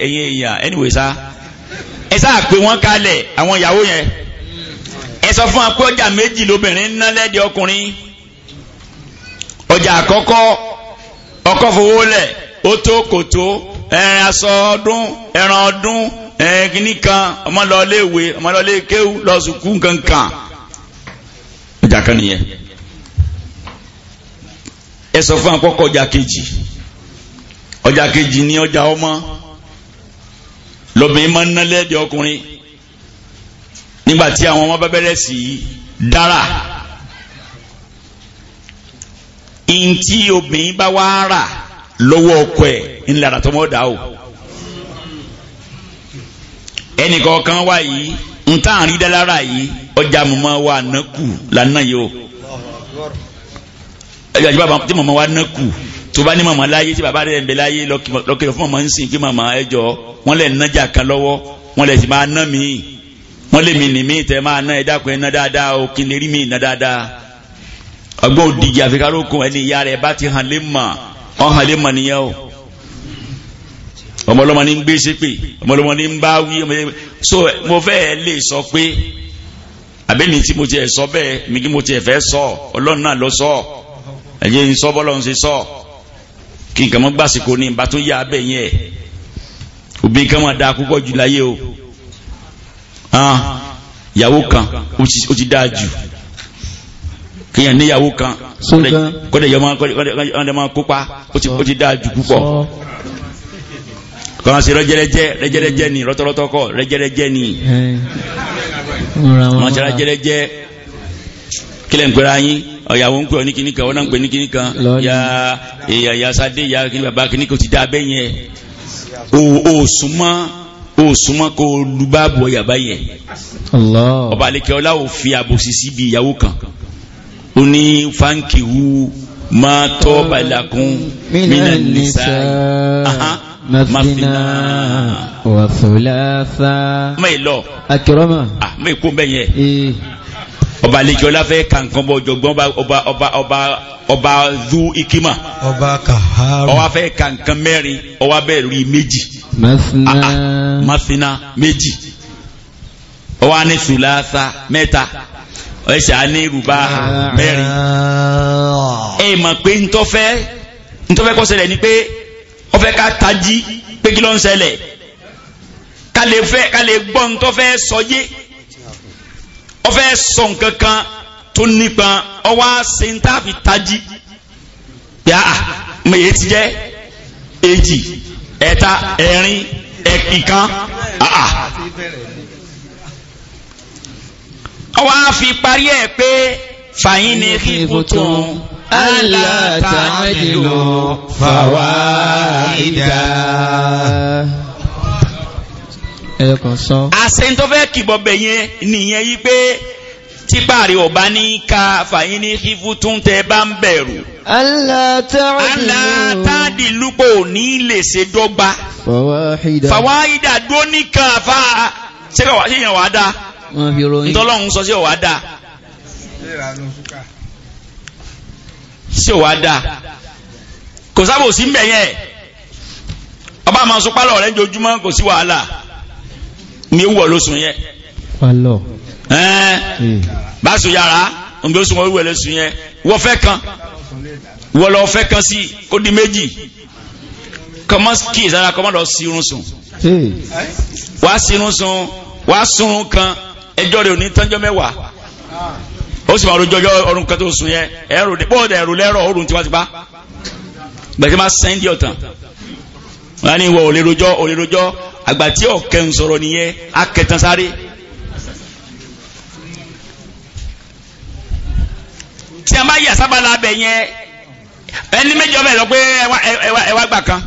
ẹ̀yin èèyàn anyway sá. ẹ sáà pé wọ́n kalẹ̀ àwọn ìyàwó yẹn ẹ sọ fún wa pé ọjà méjì lóbìnrin ń ọkùnrin ọjà àkọ́kọ́ ọkọ̀ fowó lẹ̀ ó tó kò tó ẹran aṣọ ẹran ọdún ẹran kan ọmọ lọ léèwé ọmọ lọ léèkéwú lọ sùkú fún ọjà kejì ọjà kejì ni ọjà ọmọ. lọ́bìnrin máa ń ná lẹ́ẹ̀dẹ̀ ọkùnrin nígbà tí àwọn ọmọ bá bẹ̀rẹ̀ sí í dára ntí obìnrin bá wá rà lọ́wọ́ ọkọ ẹ̀ ńlára tọmọ dà o ẹnìkọ̀ọ̀kan wà yìí ń tá à dálára yìí ọjà mọ̀mọ́ wa nàkù lànà yìí o ẹjọ́ àjẹbá tí mọ̀mọ́ wa nàkù tó bá ní màmá láyé tí bàbá rẹ̀ ń bẹ láyé lọ́kìlọ̀ fún màmá ń sìn kí màmá ẹ jọ wọ́n lẹ̀ nájà kan lọ́wọ́ wọ́n lẹ̀ sì máa ná mi wọ́n lè mi nì mí tẹ́ máa ná ẹ̀dá kan ẹ̀ ná dáadáa o kí n lè rí mi ná dáadáa. ọgbọ́n òdìjì àfikàrókùn ẹni ìyá rẹ̀ ti hàn lé mà ọ́n hàn lé mà nìyẹn o ọmọlọmọ ní ń gbé ṣépè ọmọlọmọ ní ń bá wí so mo fẹ́ lè sọ pé àbẹ́ni tí mo ti ẹ̀ sọ mi kí mo ti ẹ̀ fẹ́ sọ kí nǹkan mọ́ gbàsìkò ní ìbá tó yá abẹ́ yẹn òbí nǹkan máa da púpọ̀ jù láyé o ìyàwó kan ó ti dáa jù kíyàn níyàwó kan kọ́dẹ̀ yọ máa kópa ó ti dáa jù púpọ̀ kọ́nà sí rẹ́jẹ́rẹ́jẹ́ rẹ́jẹ́rẹ́jẹ́ ni rọ́tọ́rọ́tọ́ kọ́ rẹ́jẹ́rẹ́jẹ́ ni wọ́n ṣe rẹ́jẹ́rẹ́jẹ́ kílẹ̀ ń pẹ́ra yín ọ̀yàwó ń pè ọ ní kíní kan ọ̀nà ń pè ní kíní kan ya èyà ya sadé ya kíní bàbá kíní kò ti dá abẹ́ yẹn o súnmọ́ o súnmọ́ kó o lu báàbò ọ̀yà báyẹn ọba àlekẹ́ ọlá ò fi àbòsí síbi ìyàwó kan ó ní fáǹkì wú máa tọ́ balakun mina nisa mafina wa thulatha. mẹ́ ìlọ. akérọ́mà. ah mẹ́ ìkó bẹ́yẹn. Eh ọba àlejò ọláfẹ́ kankan bọ ọ̀jọ̀gbọ́n ọba ọba ọba ọba zu ikima ọba kaharu ọba fẹ́ kankan mẹ́rin ọba bẹ́ẹ̀ rí méjì masina ah, ah, méjì ọba ní sulasa mẹ́ta ẹsẹ̀ á ní rúbá mẹ́rin ah. ẹ mọ̀ pé ntọ́fẹ́ ntọ́fẹ́ kọ́ ṣẹlẹ̀ ni pé ọfẹ́ ká tají pé kí ló ń ṣẹlẹ̀ ká lè gbọ́ ntọ́fẹ́ sọ yé. So ọfẹ́ sọ nǹkan kan tó nípa ọwọ́ sèǹtàfi tají yá mèye ti jẹ́ èjì ẹ̀ta ẹ̀rin ẹ̀kìkan àà ọwọ́ fi parí ẹ̀ pé fàyín ni kíkó tó Allah ta'adilu fawaida ẹ̀yọkàn sọ. àṣẹ kìbọ̀ bẹ̀ nìyẹn yí pé típàrí ọba ní ka fàyín ní kífú tún tẹ bá ń bẹ̀rù. aláàtàdì lúpọ̀ ní lè ṣe dọ́gba. fàwáhídà fàwáhídà dúró nìkan àfa ṣé yẹn wàá dáa ntọ́lọ́hún sọ sí ọ̀wá dáa sí ọ̀wá dáa kò sábò sí mbẹ̀ ọba àmọ́ sọpálọ̀ rẹ̀ jojúmọ́ kò sí wàhálà mi wọ̀ lóṣù yẹn. ẹ̀ẹ́n bá sùn yàrá ń bẹ́ sùn wọ́n wọ̀ lóṣù yẹn wọ́n fẹ́ kan wọ́n lọ fẹ́ kan sí kó di méjì kọ́mọ́ kí ìsára kọ́mọ́ lọ sí irun sùn. wàá sí irun sùn wàá sùn kan ẹjọ́ rẹ̀ ò ní tánjọ́ mẹ́wàá ó sì máa rojọ́ ọjọ́ ọrùn kan tó sùn yẹn ẹ̀rù bọ́ọ̀dù ẹ̀rù lẹ́rọ̀ ọrùn tipátipá gbẹ̀tẹ́ máa sẹ́ńdì ọ̀tàn wọ́n á ní ìwọ òlérojọ́ òlérojọ́ àgbà tí ọ̀kẹ́ ń sọ̀rọ̀ nìyẹn akẹtàn sáré. tí a máa yà sábàlá abẹ yẹn ẹni mẹ́jọ bẹ́ẹ̀ lọ pé ẹ wá gbà kan.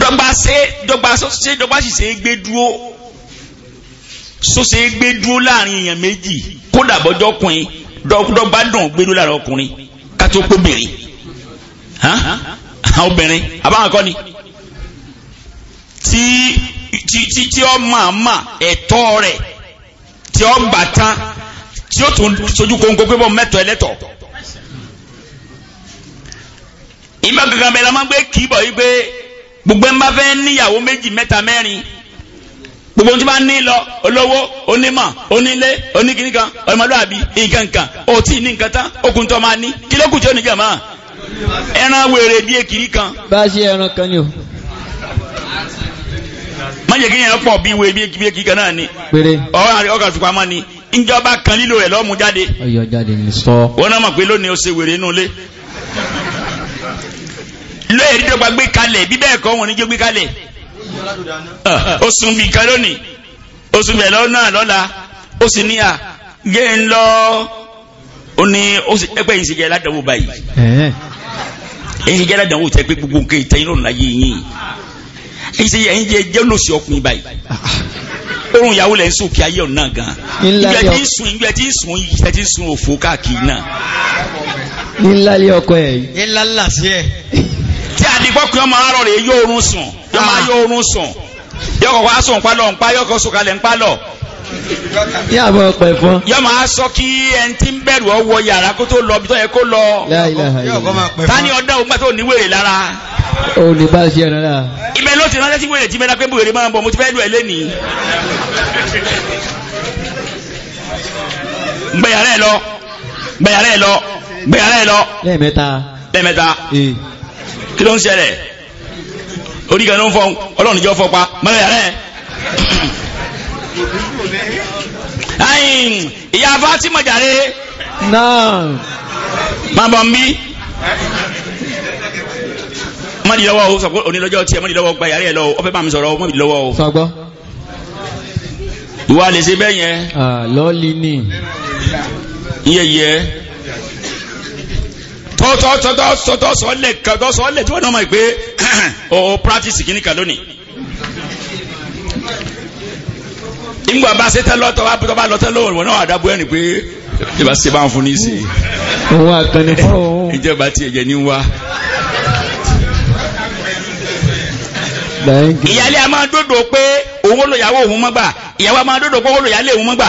dọ́gba ṣe dọ́gba ṣe dọ́gba ṣì ṣe é gbé dúró ṣoṣe é gbé dúró láàrin èèyàn méjì kódà bọ́jọ́ kùnrin dọ́gba dùn gbé dúró láàrin ọkùnrin ká tó kó bèrè àwọn obìnrin àbáwọn akọni tí tí tí tí ọ máa ma ẹ̀tọ́ rẹ̀ tí ọ ń bà tán tí ó tún sojú kóńkó pé bọ́ mẹ́tọ̀ ẹlẹ́tọ̀ ìgbà kankan bẹ́ẹ̀ la máa ń gbé kì í bọ̀ yí pé gbogbo ń bá fẹ́ níyàwó méjì mẹ́ta mẹ́rin gbogbo tí bá ní lọ olówó onímọ̀ onílé oníkìníkan ọmọlúwàbí nǹkan nǹkan ò ní nǹkan tán okùn tó máa ní kí ló kù tí ó ní jẹ̀ ẹran wèrè bí ekiri kan. bá a ṣe ẹran kan ni o. má jẹ́ kí yẹn pọ̀ bí wèrè bí kan náà ni. péré. ọkà tó pamọ́ ni ìjọba kan lílo rẹ̀ lọ́mú jáde. ọyọ jáde ní sọ. wọn náà mọ̀ pé lónìí ó ṣe wèrè inú ilé. lóye dídọ́gba gbé kalẹ̀ bí bẹ́ẹ̀ kọ́ wọn ní jẹ́ gbé kalẹ̀. ó ní ẹgbẹ́ yìí sì jẹ́ ládàáwò báyìí èyí sì jẹ́ ládàáwò tẹ́ pé gbogbo nǹkan ìtẹ́yìn lónìí láyé yìí èyí sì jẹ́ jẹ́ lòsì ọkùnrin báyìí orun ìyàwó lẹ̀ ń sùn kí ayé ọ̀nà gan ìgbẹ́ tí ń sun ìgbẹ́ tí ń sun ìgbẹ́ tí ń sun òfò káàkiri náà. ńlálẹ́ ọkọ ẹ̀. ńlálà sí ẹ̀. tí àdìgbọ́kùn ọmọ arọ rẹ̀ yóò orun sùn yóò máa yóò orun sùn yóò kọ́kọ́ aṣọ ńpalọ̀ ńpa yóò kọ́ sọ̀kalẹ̀ ńpalọ̀ yà mọ̀ pẹ̀ fún. yọ máa sọ kí ẹni tí ń bẹ̀rù ọ yàrá kó tó lọ bí tó yẹ kó lọ. tani ọ̀dà òun gbà tó ní lára. o ní bá a ṣe ẹran náà. ibẹ̀ ló ti ránṣẹ́ sí wèrè tí mẹ́ta pé wèrè máa ń bọ̀ mo ti fẹ́ lù ẹ́ lẹ́nìí. gbẹ̀yàrá ẹ lọ gbẹ̀yàrá ẹ lọ gbẹ̀yàrá ẹ lọ. lẹ́ẹ̀mẹ́ta. lẹ́ẹ̀mẹ́ta. kí ló ń ṣẹlẹ̀ orí kan ló ń fọ ọlọ́run ìjọ fọ pa mọ́lẹ́yàrá ìyá Fatima jàre. náà. máa bọ̀ ń bí. má di lọ́wọ́ o sọ̀kò onílọ́jọ́ tiẹ̀ má di lọ́wọ́ gba yàrá ẹ̀ lọ́wọ́ ọ̀fẹ́ bá mi sọ̀rọ̀ má di lọ́wọ́ o. sọgbọ́. ìwà lè ṣe bẹ́ẹ̀ yẹn. lọ́ọ̀lì ni. yẹ́yẹ́ tọ́tọ́tọ́tọ́ sọ́lẹ̀ kọ́tọ́ sọ́lẹ̀ tí wọ́n náà mọ̀ pé ọ̀ practice kìíní kan lónìí ìgbà bá ṣe tán lọ́tọ̀ wá bá lọ́tọ̀ lọ́wọ́ ìwọ náà àdàbọ̀ ẹni pé ìbá ṣe bá ń fún ní sí òun àtẹni fọlọ. ìjọba tí ẹ̀jẹ̀ ní wá. ìyálé a máa dòdò pé owó lòyàwó òun mọ́gbà ìyàwó a máa dòdò pé owó lòyàlé òun mọ́gbà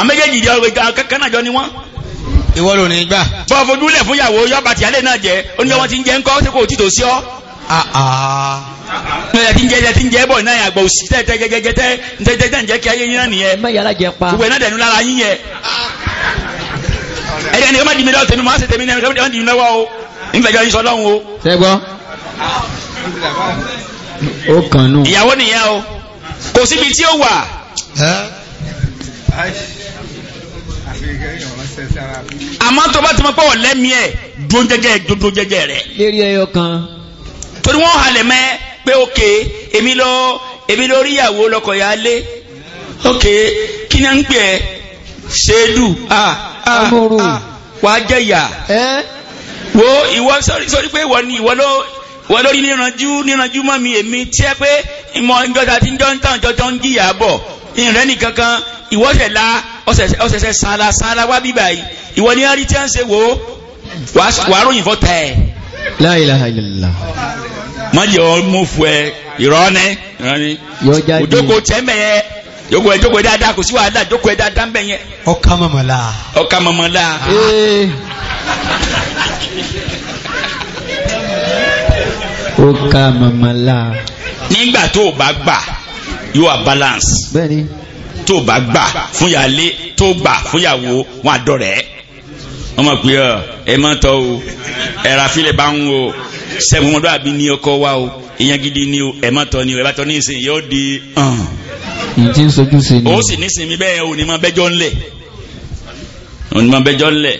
àméjèèjì ìjọ kankan náà jọ ni wọ́n. ìwọ ló ní gbà. bọ́ fojúlẹ̀ fún ìyàwó yọba tìyálé náà jẹ́ oníyàwó ti ń jẹ́ ńkọ́ ẹ ti ń jẹ ẹ ti ń jẹ bọ̀ náà àgbà òsì tẹ́ tẹ́ gẹ́gẹ́ tẹ́ tẹ́ tẹ́ tẹ́ ń jẹ́ kí ayé yín náà nìyẹn. ẹ̀mọ́ yàrá jẹ pa. gbogbo ẹ̀ náà dẹ̀nu lára yín yẹ. ẹ̀dẹ̀ ni ẹ má di mi lọ́wọ́ tèmi máa ṣe tèmi náà ẹ má di mi lọ́wọ́ o ìfẹ̀jọ́ yín sọ lọ́hùn o. sẹ́gbọ́. ó kàn nù. ìyàwó nìyẹn o kò síbi tí ó wà. àmọ́ tó bá ti mọ pé wọ́n lẹ́mìí ẹ̀ dúró jẹ́jẹ́ dúró jẹ́jẹ́ rẹ̀. lérí ẹyọ kan. torí wọ́n halẹ̀ mẹ́ pé òkè èmi lọ èmi lọ rí ìyàwó lọkọ ya lé òkè kí ni à ń pè ẹ ṣéèdù à à à wà á ìyà wo ìwọ sọrí pé ìwọ ni ìwọ ló wọ́n lórí níranjú níranjú mọ́ mi èmi tí ẹ pé ìmọ̀ ìjọta tí ń jọ ń tàn jọjọ ń jìyà bọ̀ ìrìn nìkan kan ìwọ́sẹ̀ la ọ̀sẹ̀sẹ̀ sanra sanra wá bíbà yìí ìwọ ni arí tí a ń ṣe wò wàá ròyìn fọ́ta ẹ̀. La ilaha ọ fún ẹ ìrọ́ni ìrọ́ni òjòkó tẹ́mẹ̀ yẹ jókòó ẹ jókòó ẹ dáadáa kò sí wàhálà dáadáa yẹn. ọkà mọ̀mọ́lá. ọkà mọ̀mọ́lá. Eh. ọkà mọ̀mọ́lá. nígbà tó o bá gbà you are balance. bẹ́ẹ̀ni. tó o bá gbà tó gbà wọn àdọ̀rẹ́. wọ́n máa pè ọ́ ẹ má tọ́ o ẹ̀rọ àfilẹ̀ bá ń wo sẹ́mọ̀mọ́dọ́ àbí ní ọkọ wa o ìyẹn gidi ni o ẹ má tọ́ ni o ẹ bá tọ́ ní ìsìn yóò di hàn. Ah. ìdí ń sojú sí ni. o sì ní sinmi bẹ́ẹ̀ o ní ma bẹ́jọ́ ńlẹ̀ o ní ma bẹ́jọ́ ńlẹ̀.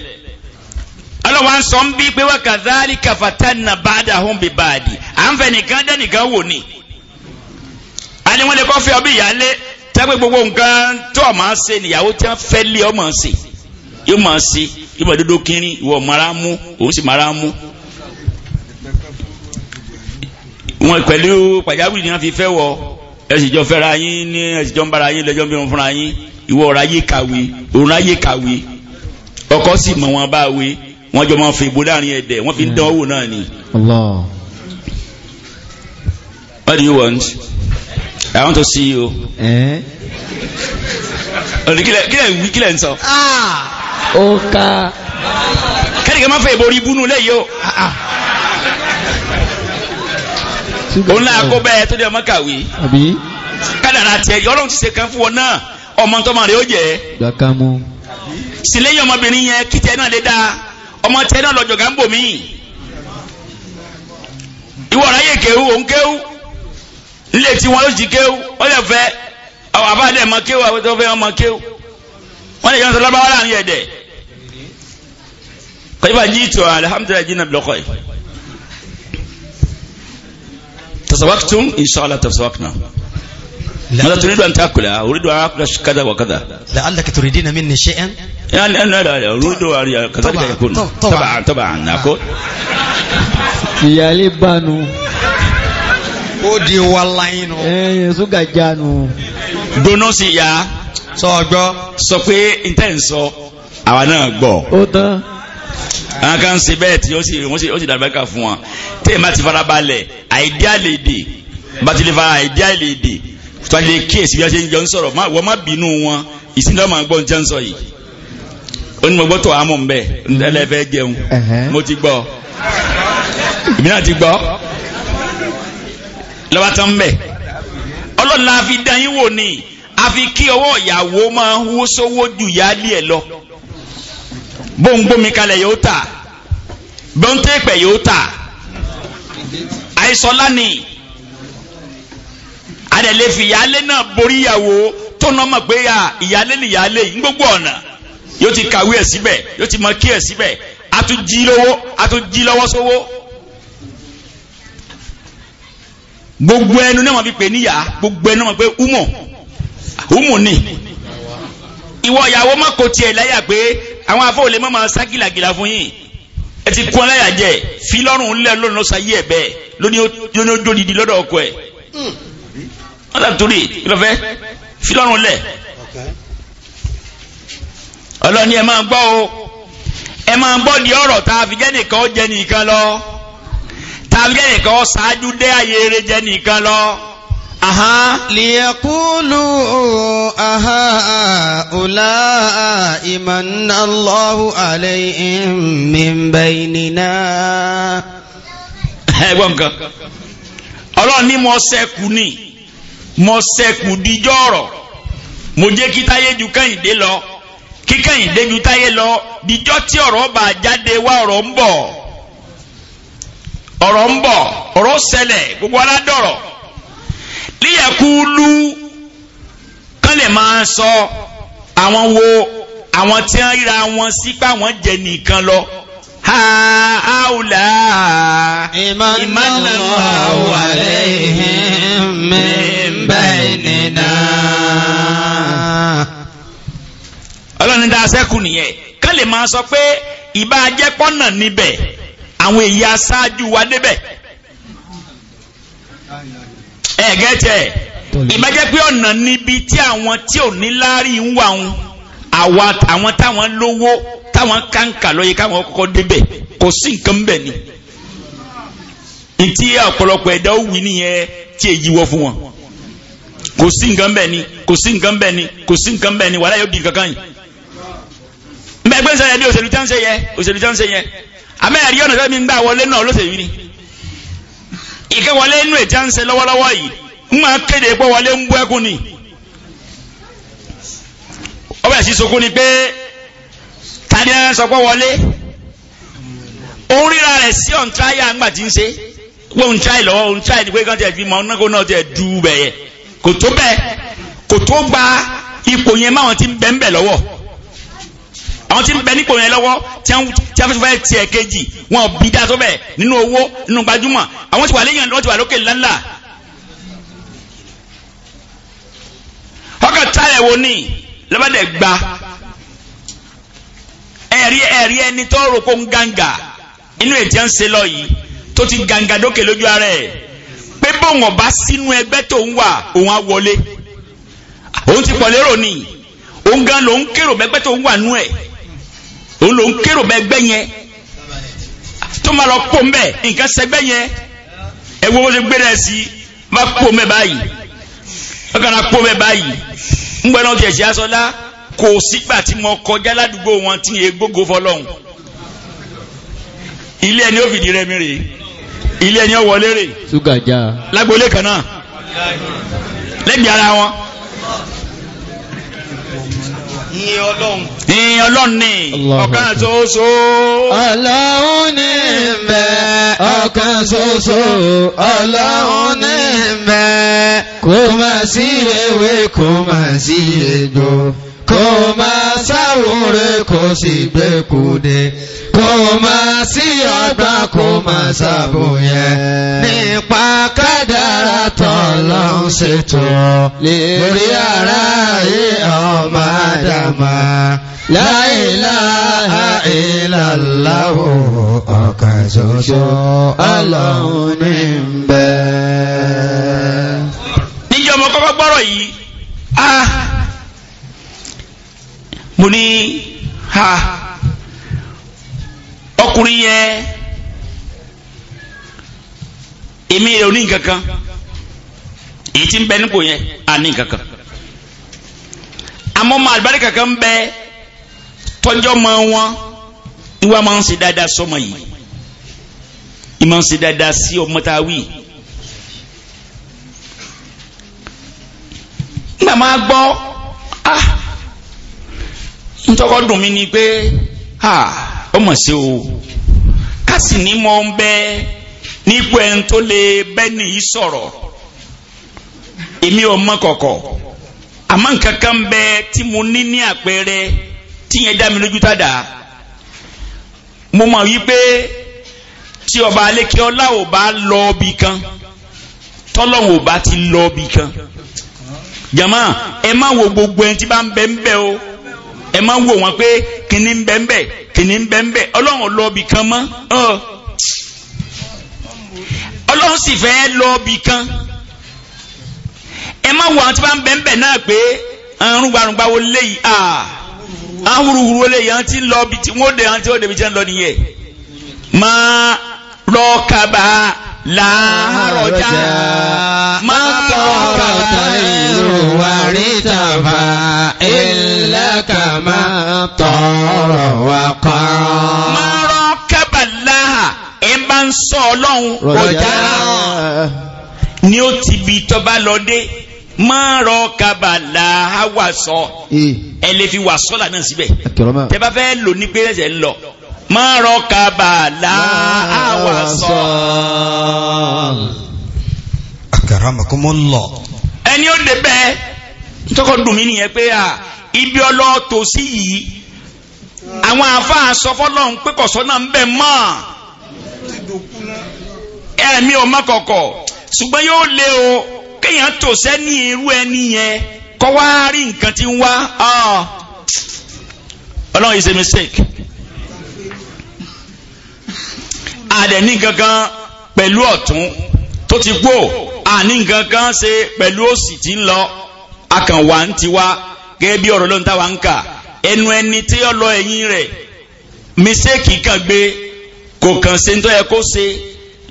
ọlọ́wọ́ à ń sọ ń bí pé wọ́n kàdáàlì kàfàtà nà báàdà hùn bí báàdì à ń fẹ́ nìkan dẹ́ nìkan wò ni. a ní wọ́n lè kọ́ fẹ́ ọ bí ìyáálé tẹ́gbẹ́ gbogbo nǹkan tó ọ̀ yóò máa ṣe yóò máa dodo kínní ìwọ mara mú òun sì mara mú. wọn pẹ̀lú pàjáwìrì ni wọ́n fi fẹ́ wọ ẹ̀sìn jọ fẹ́ra yín ní ẹ̀sìn jọ ń bára yín lẹ́jọ́ bí wọ́n fúnra yín ìwọ ọ̀rọ̀ ayé kàwé òun ayé kàwé ọkọ sì mọ̀ wọn bá wé wọ́n jọ máa fi ìbò láàrin ẹ̀dẹ̀ wọ́n fi ń dánwò náà ni. Allah. What do you want? I want to see you. Eh? Kílẹ̀ ń wí kílẹ̀ ń sọ. Ah! ó ká kẹ́rìkẹ́ máa fẹ́ ìborí búnú lẹ́yìí o òun ah, náà ah. kó bẹ́ẹ̀ tó dé ọmọ kàwé kádàrà tiẹ̀ yọlọ́run ti kan fún ọ náà ọmọ tó máa rẹ̀ ó jẹ́ sílẹ̀yìn ọmọbìnrin yẹn kìtẹ́ náà lé ọmọ tiẹ̀ náà lọ́jọ́ gà ń bò mí ìwọ òun nílé àwọn àwọn tó fẹ́ wọ́n lè jẹ́ sọ lábáwá láàrin ẹ̀dẹ̀ kọ́yífà jí ìtò alhamdulilayi jí nàbí lọ́kọ̀ yìí tasawaktum inshallah tasawakna ماذا تريد أن تأكل أريد أن أكل كذا وكذا لعلك تريدين مني شيئا يعني لا لا أريد أن كذلك يكون طبعا na أقول Yali لبانو ó di wa láyínú. ẹ̀yìn ṣúgà jánu. gbóná sí ya sọ gbọ́. sọ pé n tẹ́ ń sọ àwa náà gbọ́. ó tán. àwọn kan ń ṣe bẹ́ẹ̀ tí ó sì ó sì dàgbà kà fún wọn tí èèmà ti fara balẹ̀ àìdíà lè dè bàtí lè fara àìdíà lè dè tọ́jú lè kíyèsí bí wọ́n ṣe ń jọ ń sọ̀rọ̀ wọ́n má bínú wọn ìsìndọ́ máa gbọ́ ń jẹ́ ń sọ yìí onímọ̀gbọ́ tó àmọ̀ mbẹ́ ẹlẹ́fẹ́ jẹun mo ti gbọ́ èmi náà ti gbọ́ lọ́wọ́ tán mbẹ́ ọlọ́run la fi dán yín wò ni àfi kí ọwọ́ ìyàwó máa ń wó sówó jù yálé ẹ̀ lọ bóńgbómi kalẹ̀ yóò tà bóńtẹ́pẹ̀ yóò tà àìsọ́lá ni àdẹ̀lẹ́ fi ìyálé náà borí ìyàwó tó náà mọ̀ pé ìyálé ni ìyálé yìí gbogbo ọ̀nà yóò ti kàwé ẹ̀ síbẹ̀ yóò ti mọ kí ẹ̀ síbẹ̀ àtúnjí lọ́wọ́ sówó. gbogbo ẹnu náà wọn fi pè níyà gbogbo ẹnu náà wọn pé úmọ̀ òmù ni ìwọ ìyàwó má kò tiẹ̀ láyà pé àwọn afọ́wọlé má máa sá gìlàgìlà fún yín ẹ ti kún aláyà jẹ fi lọ́rùn lẹ́ lọ́nà sáyé ẹ̀ bẹ́ẹ̀ lóní ó jó didi lọ́dọ̀ ọkọ ẹ̀ wọ́n tà torí ìlọ́fẹ́ fi lọ́rùn lẹ̀ ọlọ́ni ẹ máa gbọ́ o ẹ máa gbọ́ di ọ̀rọ̀ tá a fi jẹ́ nìkan ó jẹ́ nìkan lọ tá a fi jẹ́ nìkan ó ṣáájú dé ayé eré jẹ́ nìkan lọ. aha ليقولوا iman من الله عليهم من بيننا ẹgbọ́n kan ọlọ́run ní mo sẹ́kù ní mo sẹ́kù díjọ́ ọ̀rọ̀ mo jẹ́ kí táyé ju kẹ́hìndé lọ kí kẹ́hìndé ju táyé lọ díjọ́ tí ọ̀rọ̀ bá jáde wá ọ̀rọ̀ ń bọ̀ ọ̀rọ̀ ń bọ̀ ọ̀rọ̀ gbogbo aládọ̀rọ̀ líyàkúlú kán lè máa sọ àwọn wo àwọn tí wọ́n ríra wọn sí pé àwọn jẹ nìkan lọ haula imanallahu alaihim min bainina ọlọ́ni dá sẹ́kù nìyẹn kán máa sọ pé ìbá jẹ́ pọ́nà níbẹ̀ àwọn èyí aṣáájú wa débẹ̀ ẹ̀gẹ́tẹ̀ ìbájẹ́ pé ọ̀nà níbi tí àwọn tí ò ní láárí ń wà ń àwọn táwọn lówó táwọn kàǹkà lóye káwọn kọ́kọ́ débẹ̀ kò sí nǹkan bẹ̀ ni ntí ọ̀pọ̀lọpọ̀ ẹ̀dá òwì nìyẹn tí èyí wọ́ fún wọn kò sí nǹkan bẹ̀ ni kò sí nǹkan bẹ̀ ni kò sí nǹkan bẹ̀ ni wàhálà yóò di kankan yìí mbẹ́gbẹ́nsẹ̀ yẹn ni òṣèlú tí wọ́n ń ṣe yẹ òṣèlú tí wọ́n ń ṣe yẹ àmẹ́rẹ́ yọ̀nà tẹ́lẹ̀ mi ń gbà wọlé náà olóṣèlú ni ìkẹ́ wọlé inú ìjà ń ṣe lọ́wọ́lọ́wọ́ yìí ń máa kéde pé wọlé ń bú ẹkún ni ọbẹ̀ sí sọkún ni pé tani ẹ sọ pé wọlé òun ríra rẹ̀ sí ọ̀ntráyà ńgbà tí ń ṣe wọ́n ń tráì lọ́wọ́ ń tráì ní pé kán tiẹ̀ fi mọ ọ́nàkó náà tiẹ̀ du bẹ̀ yẹ kò tó bẹ́ẹ̀ kò tó gba ipò yẹn máwọn ti ń ń bẹ̀ lọ́wọ́ àwọn tí ń bẹ nípò yẹn lọ́wọ́ tí a fẹ́ tiẹ̀ kejì wọn bí dá sọ́bẹ̀ nínú owó nínú gbajúmọ̀ àwọn ti wà lẹ́yìn wọn ti wà lókè ńláńlá. ọkọ̀ táyà wo ni lọ́bàdẹ̀ gba ẹ̀rí ẹ̀rí ẹni tó rò kó ń gàǹgà inú ètí ń ṣe lọ yìí tó ti gàǹgà dókè lójú ara ẹ̀ pé bóun ọba sínú ẹgbẹ́ tó ń wà òun á wọlé òun ti pọ̀ lérò ni òun gan lòun kérò bẹ́gbẹ́ tó ń wà nú ẹ̀ òun ló ń kérò bẹ gbẹ yẹn tó máa lọ pò mbẹ nǹkan sẹgbẹ yẹn ẹ wo bó ṣe gbé rẹ sí má pò mbẹ báyìí wọn kàn á pò mbẹ báyìí ń gbẹ náà tiẹ̀ sí asọ́lá kò sígbà tí mo kọjá ládùúgbò wọn tí yẹn gbógo fọlọ́hún ilé ẹni ó fìdí rẹ mi rèé ilé ẹni ó wọlé rèé lágbolé kan náà lẹ́gbẹ̀ẹ́ ara wọn ìyìn ọlọ́run ìyìn ọlọ́run ni ọ̀kan ṣoṣo ọlọ́run ní mẹ́ ọ̀kan ṣoṣo ọlọ́run ní mẹ́ kò má sí ewé kò má sí egbò kò máa sáwòrè kò sì gbẹ́kùdé kò máa sí ọgbà kò máa sàbòyẹ nípa kádàrà tọ́lọ́ ń ṣètò lórí ara yé ọmọ àdàmà láìláha ìlàláwò ọ̀kan ọlọ́run ní ń bẹ. níjọ́ ọmọ kọ́kọ́ gbọ́rọ̀ yìí. Ah, mo ní ha ọkùnrin yẹn èmi oní nǹkan kan èyí tí ń bẹ nípò yẹn àní nǹkan kan àmọ́ ọmọ àlùbáríkà kan ń bẹ tọ́jọ́ wọn ìwà máa ń ṣe dáadáa sọmọ yìí ń ṣe dáadáa ọmọ tá a wí. nígbà ah, ntọ́kọ́ dùn mí ni pé haa sí o kásì ní mọ́ ń bẹ́ nípò ẹni tó lè bẹ́ẹ̀ nìyí sọ̀rọ̀ èmi ò mọ̀ kọ̀kọ̀ àmọ́ nǹkan kan bẹ tí mo ní ní àpẹẹrẹ tí dá mi lójú tàdá mo mọ̀ wípé tí ọba ò kan tọ́lọ́hùn ò bá ti lọ kan jama ẹ má wo gbogbo bá ń bẹ ń ẹ máa ń wò wọn pé kìnní ń bẹ́ ń bẹ́ kìnní ń bẹ́ ń bẹ́ ọlọ́run lọ bì kan mọ́ ọlọ́run sì fẹ́ lọ bì kan ẹ máa wò àwọn tí wọ́n bẹ́ bẹ́ náà pé arúgbárùngbá wo léyìí ahuruhuru wo léyìí àwọn lọ bì tí wọ́n dé àwọn wọ́n débi tí wọ́n lọ nìyẹn máa lọ kaba láàárọ̀ já máa طارتين ورتفا إلا كما طار وقع ما ركب الله إما صلوا رجاء ni ó ti bi tó bá lọ máa rọ kábàlà àwàsọ ẹ lè fi wàsọ là náà tẹ bá fẹ́ lò ní pé ẹsẹ̀ lọ máa rọ kábàlà àwàsọ karamakumullah. ẹni ó débẹ̀ tọkọ dùn mí nìyẹn pé à ibi ọlọ́ọ̀tò sí yìí àwọn àáfàá sọfọ́lọ́ ń pé kọ̀sọ́ náà ń bẹ̀ mọ́ ẹ̀mí ò kọ̀kọ̀ ṣùgbọ́n yóò lé o kéèyàn tò sẹ́ni irú ẹni yẹn kọ́ wá rí nǹkan tí ń wá ọlọ́run is a mistake àdẹ̀ ní kankan pẹ̀lú ọ̀tún tó ti kú o àní nǹkan kan ṣe pẹ̀lú òsì tí ń lọ akànwá ń tiwa gẹ́gẹ́ bí ọ̀rọ̀ lóun táwa ń kà ẹnu ẹni tí ó lọ ẹ̀yìn rẹ̀ mísèkì kan gbé kò kàn ṣe ń tọ́ yẹ kó ṣe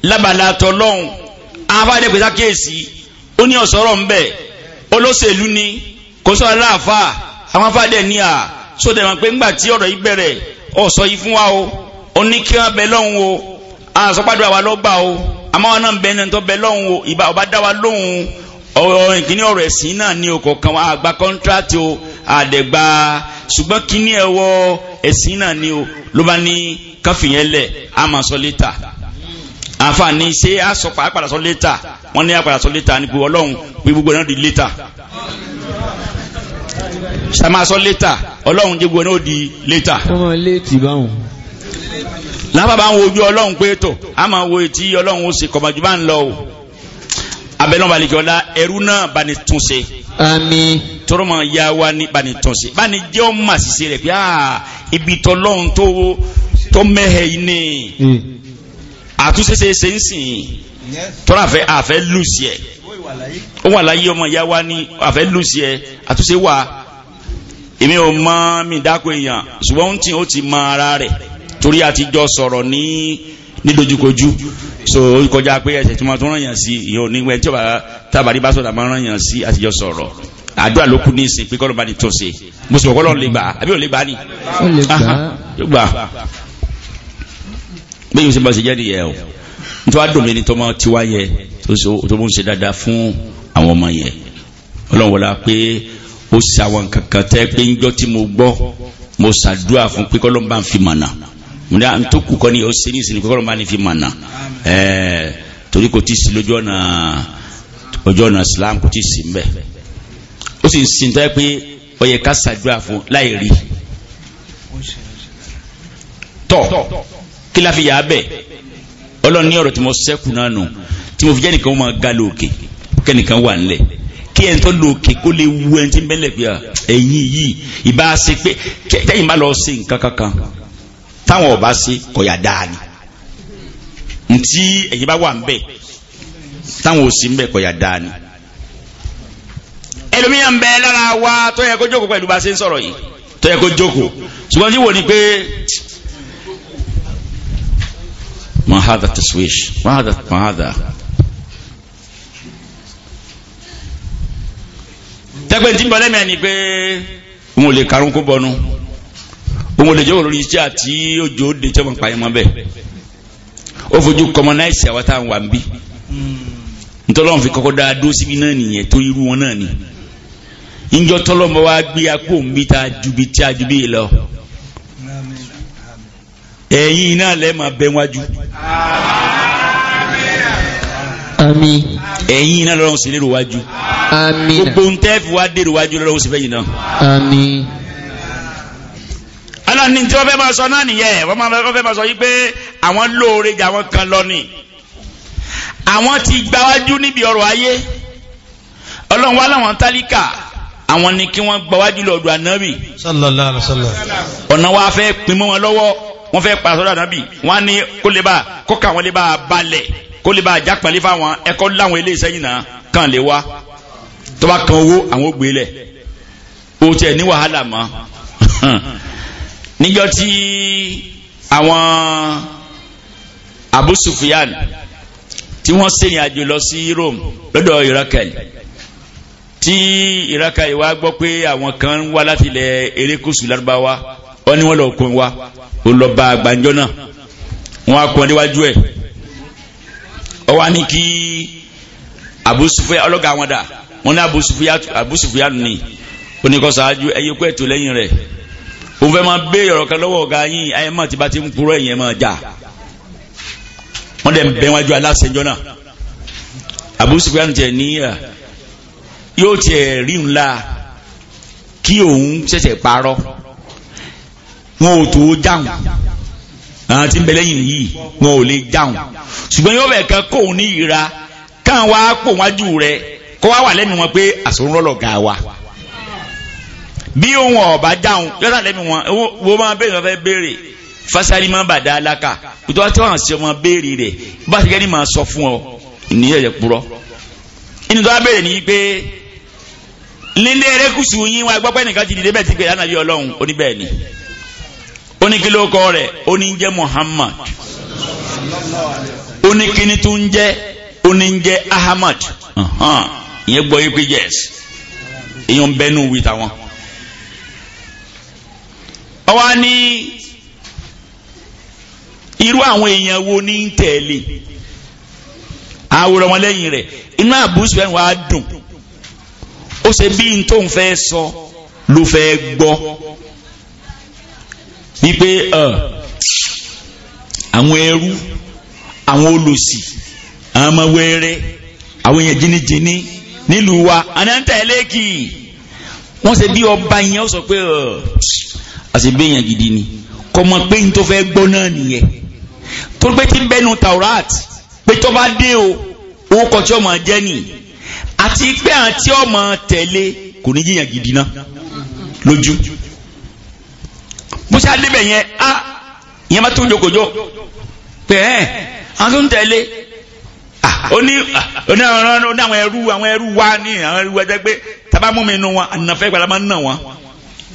lábàlá tọ́lọ́hún afáde pèsè àkíyèsí ó ní ọ̀sọ́rọ̀ ń bẹ̀ olóṣèlú ni kò sọ aláàfà àwọn afáde ní à sóde mọ̀ pé ńgbà tí ọ̀rọ̀ yìí bẹ̀rẹ̀ ọ̀sọ́ yìí fún wa o ó ní kí wọ́n bẹ lọ́hún o àsọpàdé àwa lọ́gbà o àmọ́ wọn náà ń bẹ ẹni tó bẹ lọ́hùn o ìbá ọba dá wa lóhùn ọ̀rọ̀ ìkíní ọ̀rọ̀ ẹ̀sìn náà ní okò kan wa àgbà kọ́ńtrátì o àdẹ̀gbà ṣùgbọ́n kíní ẹ̀wọ̀ ẹ̀sìn náà ní o ló bá ní káfíyẹn lẹ̀ á máa sọ létà àǹfààní ṣé a sọ pàápàá sọ létà wọ́n ní àpàdà sọ létà ní pé ọlọ́run pé gbogbo náà di létà ṣàmásọ létà ọlọ́run jẹ́ gbogbo náà di létà. ọmọ lábàbà àwọn ojú ọlọ́run pé tò a máa wo etí ọlọ́run ó ṣe kọ̀mọ̀jú bá ń lọ o abẹ́lẹ́ balẹ̀kẹ́ ọ̀la ẹrú náà bá ní tún ṣe. àmín. tọrọ ma ya wa ní bá ní tún ṣe bá ní jẹ́ ọ́ mà ṣiṣẹ́ rẹ̀ pé aa ibi tọ́lọ́run tó tó mẹ́hẹ̀ yìí ni hmm. àtúnṣe ṣe ṣe ń sìn tọ́lá àfẹ́ àfẹ́ lùsì ẹ̀ ó wà láyé ọmọ ìyá wa ní àfẹ́ lùsì ẹ̀ àtúnṣe wà èmi ò mọ mi dáko èèyàn ṣùgbọ́n ó ti mọ ara rẹ̀ torí àtijọ́ sọ̀rọ̀ ní nídojúkojú so kọjá pé ẹsẹ̀ tí wọ́n tún rànyàn sí ìyẹn ò ní wẹ́ tí ọba tábàdí bá sọ̀rọ̀ àmọ́ rànyàn sí àtijọ́ sọ̀rọ̀ àdúrà ló kú ní ìsìn pé kọ́lọ́ bá ní tó ṣe mo sì wọ́kọ́lọ́ lè gbà àbí ò lè gbà ní. ó gbà bí yóò ṣe bá ṣe jẹ́ nìyẹn o nítorí wàá dùnmí ni tó máa ti wá yẹ tó mú ṣe dáadáa fún àwọn ọmọ yẹn ọlọ́run pé ó ṣe kankan tẹ́ pé ń jọ́ tí mo gbọ́ mo ṣàdúrà fún pé kọ́lọ́ ń fi mọ̀nà múdà tó kù kọ́ ni ó ṣe ní ìsinmi kọ́kọ́ máa ní fi eh, torí kò tí sí lójú ọ̀nà ojú ọ̀nà Islam kò tí sí ń bẹ̀ ó sì ń sin tó yẹ pé ó yẹ ká ṣàdúrà fún láì rí tọ́ kí la fi yà á bẹ̀ ọlọ́run ní ọ̀rọ̀ tí mo sẹ́kù náà nù tí mo fi jẹ́ nìkan ó ga lóòkè kẹ́nìkan wà nílẹ̀ kí ẹni tó lóòkè kó lè wu ẹni tí ń bẹ́lẹ̀ pé ah, ẹ̀yìn yìí ìbá ṣe pé kẹ́yìn bá lọ ṣe nǹkan kankan táwọn ọba ṣe kọ̀yà dáa ni ntí ẹ̀yin bá wà ń táwọn òsì ń bẹ̀ kọ̀yà ni ẹlòmíyàn ń bẹ lára wa tó yẹ kó jókòó pẹ̀lú bá ṣe ń sọ̀rọ̀ yìí tó yẹ kó jókòó ṣùgbọ́n tí wò ni pé mahada taswish mahada mahada tẹ́gbẹ̀ntì ń bọ̀ lẹ́mìí ẹni pé lè karùn-ún kó òun lè jẹ́ iṣẹ́ àti ojú òde tí wọ́n pa mọ́ bẹ́ẹ̀ ó fojú kọmọnáìsì àwọn táwọn wà ń bí hmm. fi kọ́kọ́ dáa dó náà nìyẹn tó irú wọn náà ni ìjọ wa gbé apò ń ta jubi lọ ẹ̀yin lẹ́ máa bẹ wájú lọ́rùn sí lérò wájú gbogbo ọlọ́ni tí wọ́n fẹ́ máa sọ náà nìyẹn wọ́n máa fẹ́ máa sọ yìí pé àwọn lóore jà wọ́n kan lọ ni àwọn ti gbáwájú níbi ọ̀rọ̀ ayé ọlọ́run wá láwọn tálíkà àwọn ni kí wọ́n gbáwájú lọ́dọ̀ ànábì sallallahu alaihi wasallam ọ̀nà wa fẹ́ pin mọ́ wọn lọ́wọ́ wọ́n fẹ́ pàṣẹ lọ́dọ̀ ànábì wọ́n á ní kó lè bá kọ́ka àwọn lè bá balẹ̀ kó lè bá jápẹ̀lẹ́ fáwọn ẹ̀kọ́ láwọn ilé yìí náà kàn lè wá tó kan owó àwọn ò gbé lẹ̀ o tiẹ̀ ní wàhálà mọ́ níjọ́ tí àwọn Abu Sufyan tí wọ́n sẹ́yìn àjò lọ sí Rome lọ́dọ̀ Irakel tí Irakel wá gbọ́ pé àwọn kan wá láti ilẹ̀ erékùsù lárúbáwá wọ́n ní wọ́n lọ kún wa ó lọ bá àgbàjọ́ náà wọ́n á kún níwájú ẹ̀ ọ wá ní kí Abu Sufyan ọlọ́gà àwọn dà wọ́n ní Abu Sufyan ni oníkọ́sáájú ẹ̀yẹ́kọ́ ẹ̀tọ́ lẹ́yìn rẹ̀ òun fẹ́ máa bẹ́ ọ̀rọ̀ kan lọ́wọ́ ọ̀gá yín ayé máa ti bá ti ń kúrọ́ ẹ̀yìn ẹ̀ máa jà wọ́n dẹ̀ ń bẹ́ wájú aláṣẹjọ́ náà Abu Sufyan tiẹ̀ níyà yóò tiẹ̀ rí ńlá kí òun ṣẹ̀ṣẹ̀ parọ́ wọn ò tó dáhùn àwọn tí ń bẹ lẹ́yìn yìí wọn ò lè dáhùn ṣùgbọ́n yóò bẹ̀ kan kóun ní ìra káwọn wá pò wájú rẹ kó wá wà lẹ́nu wọn pé àsòrán lọ́lọ́ ga wa bí òun ọ̀bá dáhùn yọ́tà lẹ́mi wọn wo máa bẹ́ẹ̀ lọ́fẹ́ béèrè fasari máa bàdá alaka ìtọ́ àti wọn àti ọmọ béèrè rẹ̀ bá ti kẹ́ni máa sọ fún ọ ní ẹ̀yẹ kúrọ́ inú tó wá béèrè ní pé nílé erékùsù yín wa gbọ́pẹ́ nìkan ti dìde bẹ́ẹ̀ ti gbé lánàbí ọlọ́run oníbẹ̀ẹ́ ni oníkìlókọ rẹ̀ oníjẹ́ Muhammad oníkìní tó ń jẹ́ oníjẹ́ Ahmad ìyẹn gbọ́ yín pé yes èèyàn bẹ́nu wí tàwọn ọwọ́ ní irú àwọn èèyàn wo ní ń tẹ̀lé àwòrán ọmọlẹ́yìn rẹ̀ inú àbúṣe ẹ̀ wá dùn ó ṣe bí n tó ń fẹ́ sọ ló fẹ́ gbọ́ wípé àwọn ẹrú àwọn olòṣì àwọn ọmọ wẹrẹ àwọn èèyàn jìnnìjìnnì nílùú wa àná ń tẹ̀lé kì í wọ́n ṣe bí ọba yẹn ó sọ pé àti gidi ni kọmọ pé n tó fẹ́ gbọ́ náà nìyẹn tó pé tí bẹ́nu taurat pé tó bá dé o owó kan tí ọmọ jẹ́ nì àti pé àti ọmọ tẹ̀lé kò ní jiyàn gidi náà lójú musa débẹ̀ yẹn a yẹn bá tó ń jokojo pé ẹ àwọn tó ń tẹ̀lé ó ní àwọn ẹrú àwọn ẹrú wa ní àwọn ẹrú wa tábà mú mi nu wọn ànàfẹ́ gbàlámà ń wọn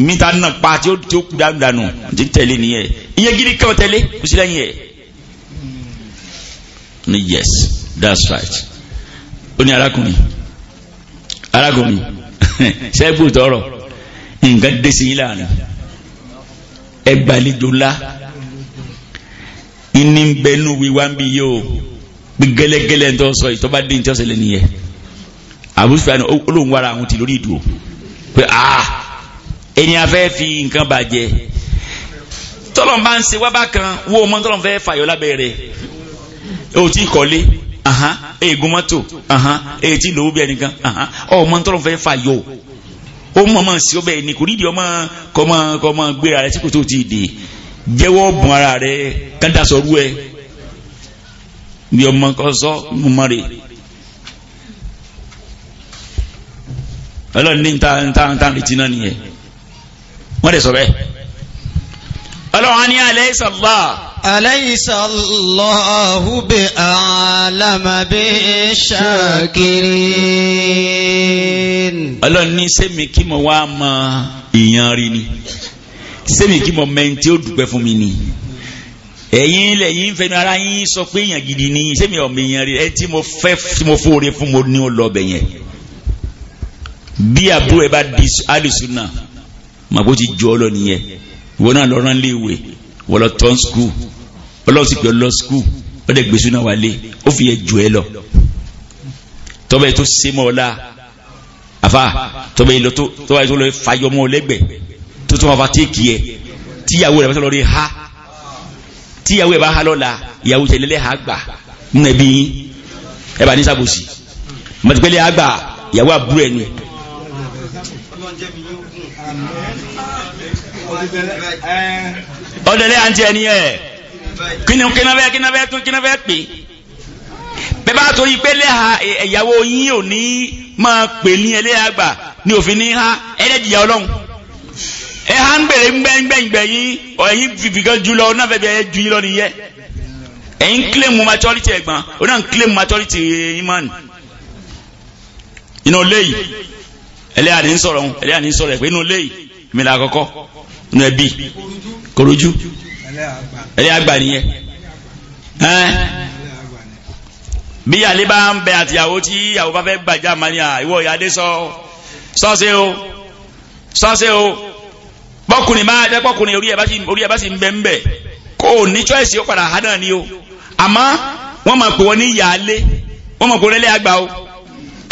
mita nínú pa tí ó tí ó kú dànù tí tẹ̀lé nìyẹn ìyẹn gidi kẹ́wọ́ tẹ̀lé kò sí lẹ́yìn ẹ̀. ni yes that's right ó ní arákùnrin arákùnrin sẹ́gbù tọrọ nǹkan dé sí yín láàrin ẹgbàlejò ńlá ìní ń bẹnu wíwá ń bí yóò gẹ́lẹ́gẹ́lẹ́ ń tọ́ sọ ìtọ́ba dé ń tọ́ sẹlẹ̀ nìyẹn àbúrò fún mi olóhùn wàrà àwọn ti lórí ìdúró pé aah ènìyàn fẹ́ fi nǹkan bàjẹ́ tọ́lọ́n bá ń ṣe wábà kan wo mọ́ tọ́lọ́n fẹ́ fàyọ́ lábẹ́ rẹ̀ o ti kọ́lé eegun mọ́tò èyí e ti lówó bí ẹnìkan ọmọ tọ́lọ́n fẹ́ fàyọ́ ó mọ̀ mọ̀ sí ọbẹ̀ ní kò nídìí ọmọ kọ́mọ kọ́mọ gbéra rẹ̀ tí kò tó ti dè jẹ́wọ́ bùn ara rẹ̀ kádàsọ̀rú ẹ̀ ní ọmọ kan sọ mọ̀ rẹ̀ ọlọ́run ní ta ta ta retí náà nìyẹn wọ́n lè sọ bẹ́ẹ̀ ọlọ́wọ́n ní alaysa Allah alaysa Allahu bi a'lama bi shakirin ọlọ́run ní sẹ́mi kí mo wá mọ ìyàn rí ni sẹ́mi kí mo mẹ́ntí ó dùpẹ́ fún mi ni ẹ̀yin ilẹ̀ yìí ń fẹnu ara yín sọ pé èèyàn gidi ni sẹ́mi ọ̀mọ èèyàn rẹ̀ ẹ tí mo fẹ́ tí mo fóore fún mo ní ó yẹn bí àbúrò ẹ bá di alùsùn náà màbó ti jọ ọlọ nìyẹn ìwọ náà lọ́rán léèwé wọ́n lọ tán skul ọlọ́run sì pé ọlọ skul ó dẹ̀ gbèsè náà wálé ó fi yẹ jù ẹ lọ tọ́ba yìí tó ṣe mọ́ ọ àfa tọ́ba yìí tọ́ba yìí tó lọ fàyọ mọ́ ọ tó tó máa fa téèkì yẹ tíyàwó rẹ̀ bá tó lọ rí ha tíyàwó ẹ̀ bá ha lọ́la ìyàwó tẹ̀lé lẹ́hà gbà nínú ẹbí yín ẹ bá ní sábòsì mọ̀tìpẹ́lẹ́ àgbà ìyàwó àbúrò ẹ̀ nù ọdẹlẹ à ń tiẹ ní ẹ kíni kíni bẹ kíni bẹ tún kíni bẹ pè bẹ́ẹ̀ bá torí pé lẹ́hà ẹ̀yàwó yín ò ní máa pè ní ẹlẹ́yà gbà ni òfin ní ha ẹlẹ́dìyà ọlọ́run ẹ ha ń gbèrè ńgbẹ́ngbẹ́ngbẹ́ yín ọ̀yìn fìfì kan jù lọ ọ̀nà fẹ́ bẹ́ẹ̀ ju yín lọ nìyẹn ẹ̀yin kílèmù maturity ẹ̀gbọ́n ọ̀nà ń kílèmù maturity yín mọ́ni inú léyìí ẹlẹ́yà ní sọ̀rọ̀ ẹlẹ́yà ní sọ̀rọ̀ ẹ̀ pé inú léyìí mi là kọ́kọ́ nù ẹbí korojú ẹlẹ́ àgbà nìyẹn ẹ́n bí alẹ́ bá ń bẹ àtìyàwó tí ìyàwó bá fẹ́ gbàjà máa ní à ìwọ ìyáde sọ sọ́ọ̀sẹ̀ o sọ́ọ̀sẹ̀ o bọ́kùnrin máa jẹ́ bọ́kùnrin orí ẹ̀ bá sì ń bẹ ń bẹ kó o ní choice ó padà hádàn ni o àmọ́ wọ́n máa pè wọ́n ní ìyáálé wọ́n máa pè wọ́n lẹ́lẹ́ àgbà o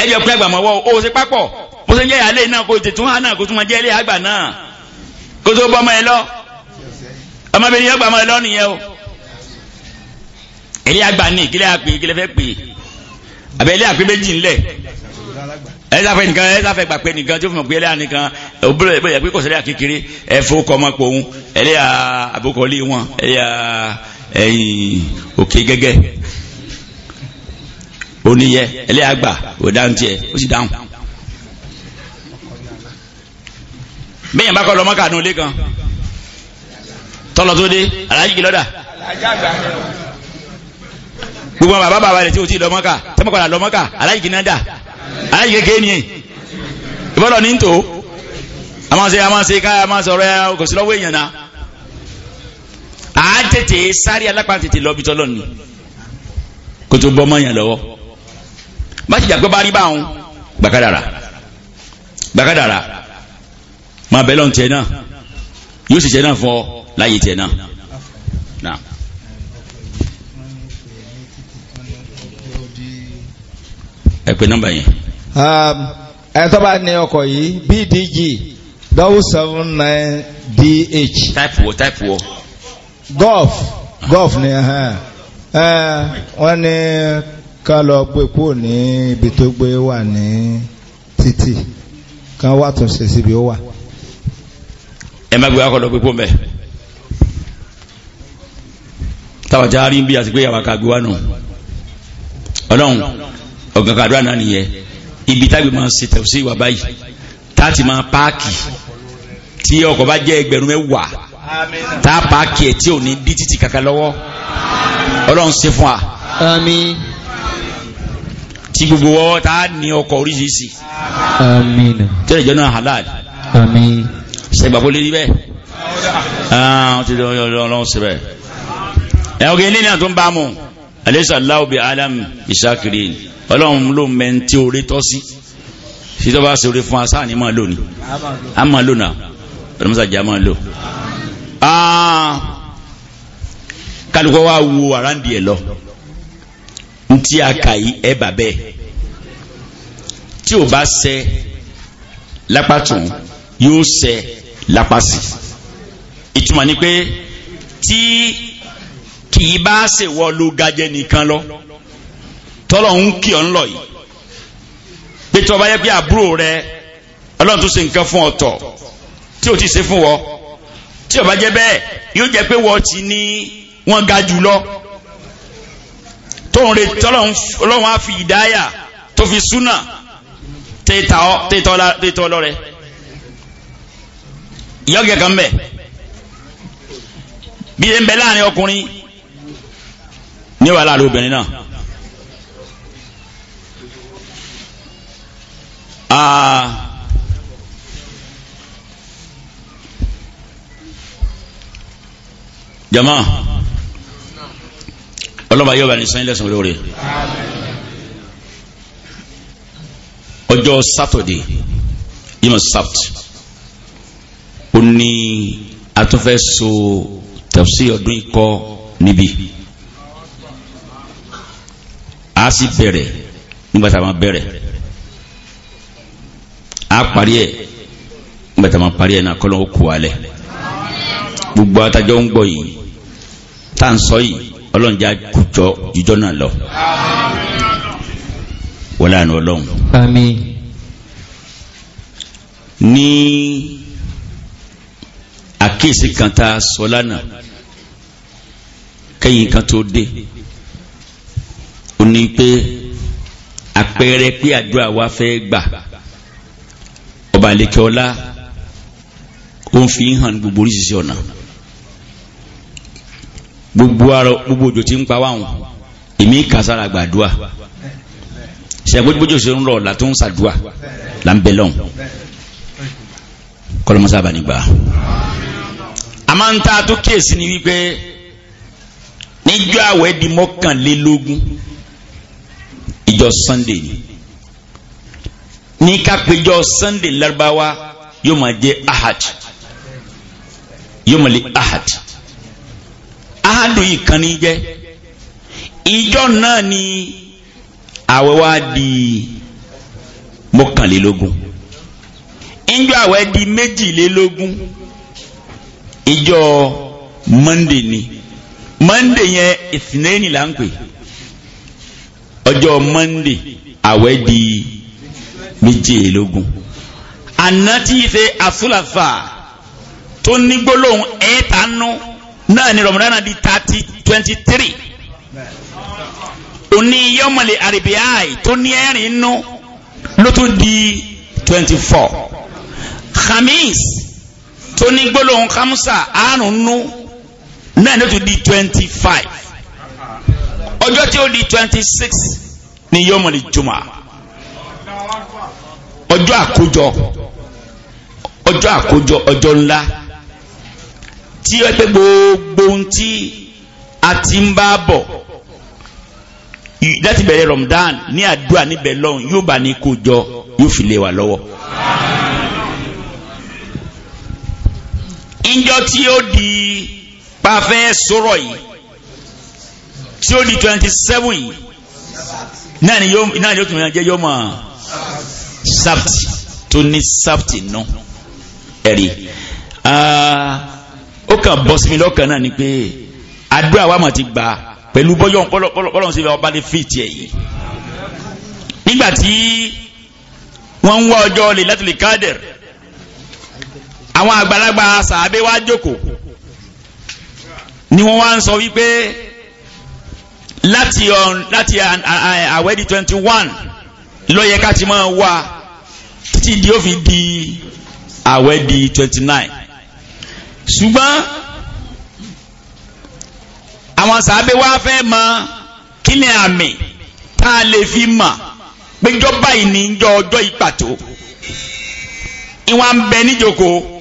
ẹ jẹ́ pé àgbà mọ́wọ́ o ó ṣe pápọ̀ bó ṣe ń jẹ́ ìyáálé náà kó o tètè tún kó o tún máa jẹ́ ilé àgbà náà kó tó bọ́ ọmọ ẹ lọ ọmọbìnrin yóò gbà ọmọ ẹ lọ nìyẹn o ilé àgbà ní ìkílé àpè ìkílé fẹ́ pè àbẹ̀ ilé àpè méjì ńlẹ̀ ẹ sáfẹ́ nìkan ẹ sáfẹ́ gbà pé nìkan tí ó fi mọ̀ pé ẹlẹ́yà nìkan òbúrò ẹ̀ bẹ́ẹ̀ pé kò sẹ́lẹ̀ kékeré ẹ fowókọ́ ọmọ pò ń ẹlẹ́yà àbókọ́ wọn ẹlẹ́yà ẹ̀yìn òkè gẹ́gẹ́ oníyẹ ẹlẹ́yà àgbà òdáńtì ẹ ó sì dáhùn. bẹ́ẹ̀ bá kọ́ lọ́mọ́ kànú lé kan tọ́lọ tó dé aláàjì kí lọ́dà gbogbo àwọn bàbá bàbá rẹ̀ tí o ti lọ́mọ́ kà tẹ́mọ̀ kọ́lá lọ́mọ́ kà aláàjì kí náà dà aláàjì kékeré ni ìbọ́dọ̀ ní tò àmọ́ ṣe àmọ́ ṣe ká àmọ́ sọ̀rọ̀ ẹ kò sí lọ́wọ́ èèyàn náà à ń tètè sáré alápá tètè lọ bitọ́ lọ́nu kó tó bọ́ yẹn lọ́wọ́ má ti jà pé bá rí báwọn gbàkádàrà gbàkádàrà Ma bẹ́ẹ̀ lọ́n tiẹ̀ náà yóò sì tiẹ̀ náà fọ láyé tiẹ̀ náà. ẹ pé nọ́mbà yẹn. Um, ẹ tó bá ní ọkọ̀ yìí bdg double seven nine dh. type wo type wo. golf golf ni wọ́n ní ká lọ gbé kúrò ní ibi tó gbé wà ní títì kan wà tún ṣe síbi ó wà ẹ má gbé akọ̀dọ̀ pípọ̀ mẹ́ tàwàjá rí bí àti pé àwọn akagbé wa nù ọlọ́run ọ̀gàn kàdúrà náà nìyẹn ibi tágbé máa ṣe tẹ̀sí ìwà báyìí táàtì máa páàkì tí ọkọ̀ bá jẹ́ ẹgbẹ̀rún mẹ́wàá tá a páàkì ẹ̀ tí ò ní dí títì kàkà lọ́wọ́ ọlọ́run ṣe fún wa. àmín tí gbogbo wọ́wọ́ tá a ní ọkọ̀ oríṣiríṣi. àmín. tẹ́lẹ̀ jẹ́ náà halal. àmín ṣẹgbàgbó lè rí bẹ́ẹ̀ ọ̀hún ah, ti dọ̀ ọlọ́run sí bẹ́ẹ̀ ẹ̀ ọ̀gẹ̀ ilé náà tó ń bá mu alẹ́sà láòbí alam ìṣàkiri ọlọ́run ló mẹ́ tí orí tọ́ sí sí tó bá ṣe orí fún asáà ní máa lò ní a máa lò náà ọlọ́mọsà jẹ́ a máa lò ah, kálukọ́ wa wo àrándì ẹ̀ lọ ntí a kà yí ẹ bà bẹ́ẹ̀ tí o bá ṣẹ lápá tún yóò ṣẹ lápásì ìtumọ̀ ni pé tí kì í bá ṣèwọ ló gajẹ nìkan lọ tọ́lọ̀ ń kì ọ́ ń lọ yìí pé tí ọba yẹ pé àbúrò rẹ ọlọ́run tó ṣe nǹkan fún ọ̀tọ̀ tí o ti ṣe fún wọ tí ọba jẹ bẹ́ẹ̀ yóò jẹ pé wọ́n ti ní wọ́n ga jù lọ tóun retí ọlọ́run á fi ìdáyà tó fi súnà tètè lọ rẹ ìyọ́gẹ̀ kan bẹ̀ bí ṣe ń bẹ láàrin ọkùnrin ní wàhálà rẹ obìnrin náà. jama ọlọ́ba yóò bá ní sanyí lẹ́sìn olóore ọjọ́ sátọ̀dé yìí mọ̀ sábtì ó ní atúnfẹ́ so tafsir ọdún ikọ́ níbi a sì bẹ̀rẹ̀ nígbà tá a máa bẹ̀rẹ̀ a parí ẹ̀ nígbà tá a máa parí ẹ̀ náà kọ́lọ́n ó kú alẹ̀ gbogbo atajọ́ ń gbọ́ yìí tá à ń sọ yìí ọlọ́njà kùjọ jíjọ́ náà lọ wọlé àná ọlọ́run. ní. Ni àkíyèsí kan tá a sọ lánàá kẹ́yìn kan tó dé ó ní pé àpẹẹrẹ pé àdúrà wa fẹ́ gbà ọba àlekẹ́ ọlá ó ń fi hàn gbogbo oríṣiríṣi ọ̀nà gbogbo arọ gbogbo òjò tí ń pa wáhùn èmi kàsára gbàdúà ṣàgbójúbójú ṣe ń rọ ọ̀la tó ń ṣàdúà là ń bẹ lọ́hùn kọlọmọsá bá nígbà àmọ́ ń ta tó kíyèsí ni wípé níjọ́ àwẹ̀ di mọ́kànlélógún ìjọ sunday ni ní kápẹjọ sunday lárúbáwá yóò máa jẹ ahad yóò máa lé ahad ahadu yìí kan ní jẹ ìjọ náà ni àwẹ̀ wa di mọ́kànlélógún ìjọ àwẹ̀ di méjìlélógún ìjọ monday ni monday yẹn ìsìnẹ́ẹ̀nì là ń pè ọjọ́ monday àwẹ̀ di méjìlélógún àná tí í ṣe àsúlàfà tó ní gbólóhùn ẹ̀ẹ́tanú náà ni rọmọdánà di thirty twenty three òní yọmọlẹ̀ àrìbíàì tó ní ẹ̀rìn inú ló di twenty four khamis tó ní gbólóhùn kámsà àrùn nú náà ní ó tún di twenty five ọjọ́ tí ó di twenty six ní yọmọlì jùmọ̀ ọjọ́ àkójọ ọjọ́ àkójọ ọjọ́ ńlá tí ó pé gbogbo ohun tí a ti ń bá bọ̀ láti bẹ̀rẹ̀ Ramadan ní àdúrà níbẹ̀ lọ́hùn yóò bá ní kó jọ yóò fi lé wa lọ́wọ́. ìjọ tí ó di pàfẹ́ sọ̀rọ̀ yìí tí ó di twenty seven yìí náà ni yóò náà yóò tún jẹ́ yóò mọ̀ sábtì tó ní sábtì náà ẹ̀rí ó kàn bọ́ sí mi lọ́kàn náà ni pé àdúrà wa mà ti gbà pẹ̀lú bọ́yọ̀ pọ́lọ́n sí ọba lè fi tiẹ̀ yìí nígbà tí wọ́n ń wá ọjọ́ lè láti lè káàdẹ̀rẹ̀ àwọn àgbàlagbà sàábé wá jókòó ni wọ́n wá ń sọ wípé láti láti àwẹ́dì twenty one ló yẹ ká ti máa wá títí di ó di àwẹ́dì twenty nine ṣùgbọ́n àwọn sàábé wá fẹ́ mọ kí ni àmì tá a lè fi mọ̀ pé jọba yìí ní jọ ọjọ́ ìpàtó ìwọ̀n bẹ níjòkó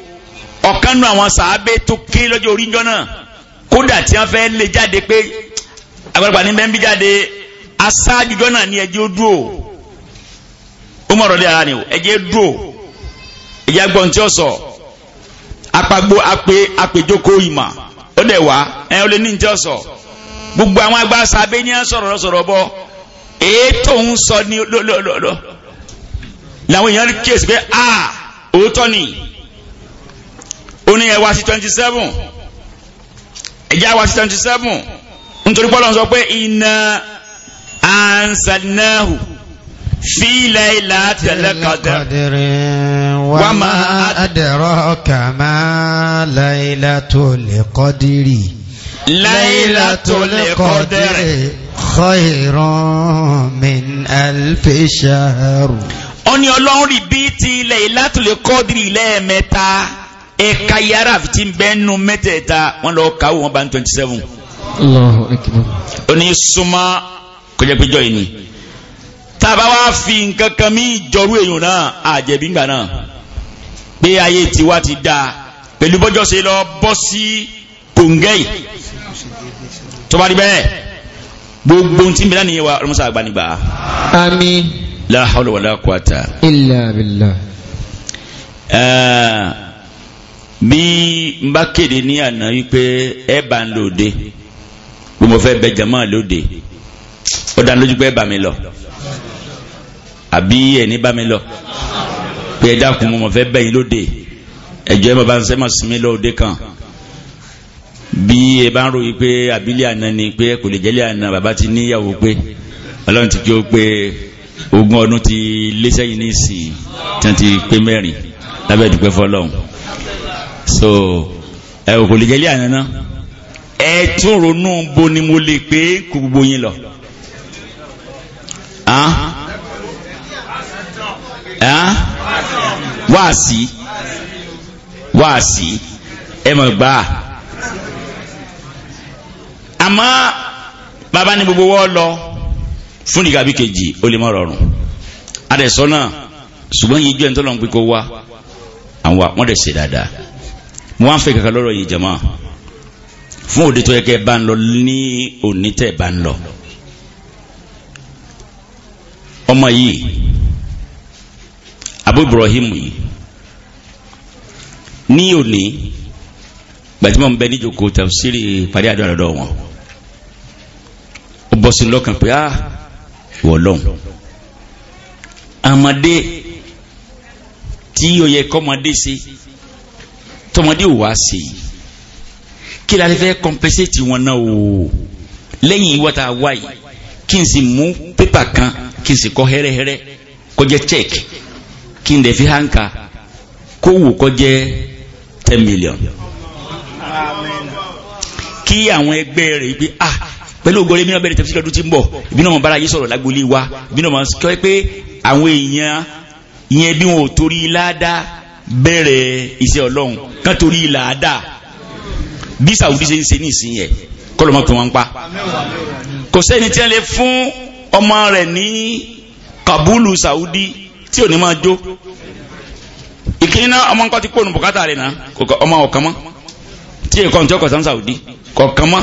ọ̀kan nu àwọn sàábé tó ké lọ́jọ́ orí jọ náà kódà tí wọ́n fẹ́ lé jáde pé àgbàlagbà ní bẹ́ẹ̀ bí jáde aṣáájú jọ náà ní ẹjẹ́ dúró ó mọ̀ ọ̀rọ̀ lé ara ni o ẹjẹ́ dúró ẹjẹ́ agbọ̀n tí ó sọ apagbo apè apèjoko ìmọ̀ ó dẹ̀ wá ẹ̀ ó lé ní ní tí ó sọ gbogbo àwọn agbá sàábé ní sọ̀rọ̀ sọ̀rọ̀ bọ́ èyí tó ń sọ ní lọ́lọ́lọ́lọ́ làwọn èèyàn kíyèsí pé a òótọ́ ni ó ní sí twenty seven ẹ̀já wá sí twenty seven nítorí pọ́lọ́n sọ pé iná ansanahu fi laylatil qadr wa ma adraka ma laylatul qadri laylatul qadri khayrun min alfi shahr ó ní ọlọ́run rí bí ti laylatul qadri lẹ́ẹ̀mẹ́ta ẹ̀ka yàrá tí ń bẹ́ nù mẹ́tẹ̀ẹ̀ta wọn lọ káwọ́ wọn bá ń twenty seven. Allahu akbar. ó ní súnmọ́ kọjọ́pẹ́jọ́ yìí ni tá a bá wá fi nǹkan kan mí jọrú èèyàn náà àjẹbí ńgbà náà pé ayé tiwa ti dáa pẹ̀lú bọ́jọ́ ṣe lọ bọ́ sí kòǹgẹ́ yìí tó bá rí bẹ́ẹ̀ gbogbo tí ń bẹ láníyẹ wa ọlọ́mọsá àgbànigbà. àmín. la hawla wala quwata. illa billah. ẹẹ bí n bá kéde ní àná wípé ẹ bá ń lòde bí mo fẹ́ bẹ jama lóde ó dá lójú pé ẹ bá mi lọ àbí ẹni bá mi lọ pé ẹ dákun mo fẹ́ bẹ̀yìn lóde ẹjọ́ ẹ bá ń sẹ́mọ̀ sí mi lóde kan bí ẹ bá ń ròyìn pé àbílẹ̀ àná ni pé kò lè jẹ́lẹ̀ àná bàbá ti níyàwó pé ọlọ́run ti kí ó pé ogún ọdún ti lé sẹ́yìn ní ìsìn tí wọ́n ti pé mẹ́rin lábẹ́ ìdúpẹ́ fọlọ́run so ẹ ò kò lè jẹ́lé ànáná ẹ tún ronú bo ni mo lè pé kò gbogbo yín lọ. wáàsí wáàsí ẹ mọ̀ gbà á àmọ́ bàbá ní gbogbo wọ́ lọ fún ìgbà bí kejì ó lè mọ́ rọrùn adẹ̀sọ́nà ṣùgbọ́n yíjú ẹni tó lọ́n pé kó wá àwọn wọ́n dẹ̀ ṣe dáadáa mo wá ń fẹ́ kankan lọ́rọ̀ yìí jẹ̀mọ́ fún òde tó yẹ kẹ́ bá ń lọ ní òní bá ń lọ ọmọ yìí abu ibrahim yìí ní òní gbàtí mo ń bẹ níjòkó tafsiri parí àdúrà lọ́dọ̀ wọn ó bọ́ sí lọ́kàn pé ah wọ́n lọ́hùn amadé tí ó yẹ kọ́mọdé sí. Si tọmọdé ò wá sí i kí la fẹ́ compensate wọn náà o lẹ́yìn ìwọ tá a wá yìí kí n sì mú pépà kan kí n sì kọ hẹ́rẹ́hẹ́rẹ́ kó check kí n dẹ̀ fi hànká kó wù kó ten million kí àwọn ẹgbẹ́ rẹ̀ gbé ah pẹ̀lú ògọ́rẹ́ mìíràn bẹ̀rẹ̀ tẹ̀síkà tó ti ń bọ̀ ìbí náà mọ̀ bára yìí sọ̀rọ̀ lágbolé wa ìbí náà mọ̀ kọ́ pé àwọn èèyàn ìyẹn bí wọn ò torí ládàá bẹ̀rẹ̀ iṣẹ́ ọlọ́run kan torí làádá bí sàwùdí ṣe ń ṣe ní ìsìn yẹn kọlọmọ pé wọ́n pa kò sẹ́ni tí wọ́n lè fún ọmọ rẹ̀ ní Kabulu sàwùdí tí ò ní máa jó ìkíni náà ọmọ nǹkan ti kó nu bùkátà rẹ̀ náà ọmọ ọ̀kan mọ́ tí èkó ní tí ọkọ̀ sàn sàwùdí kọ̀ọ̀kan mọ́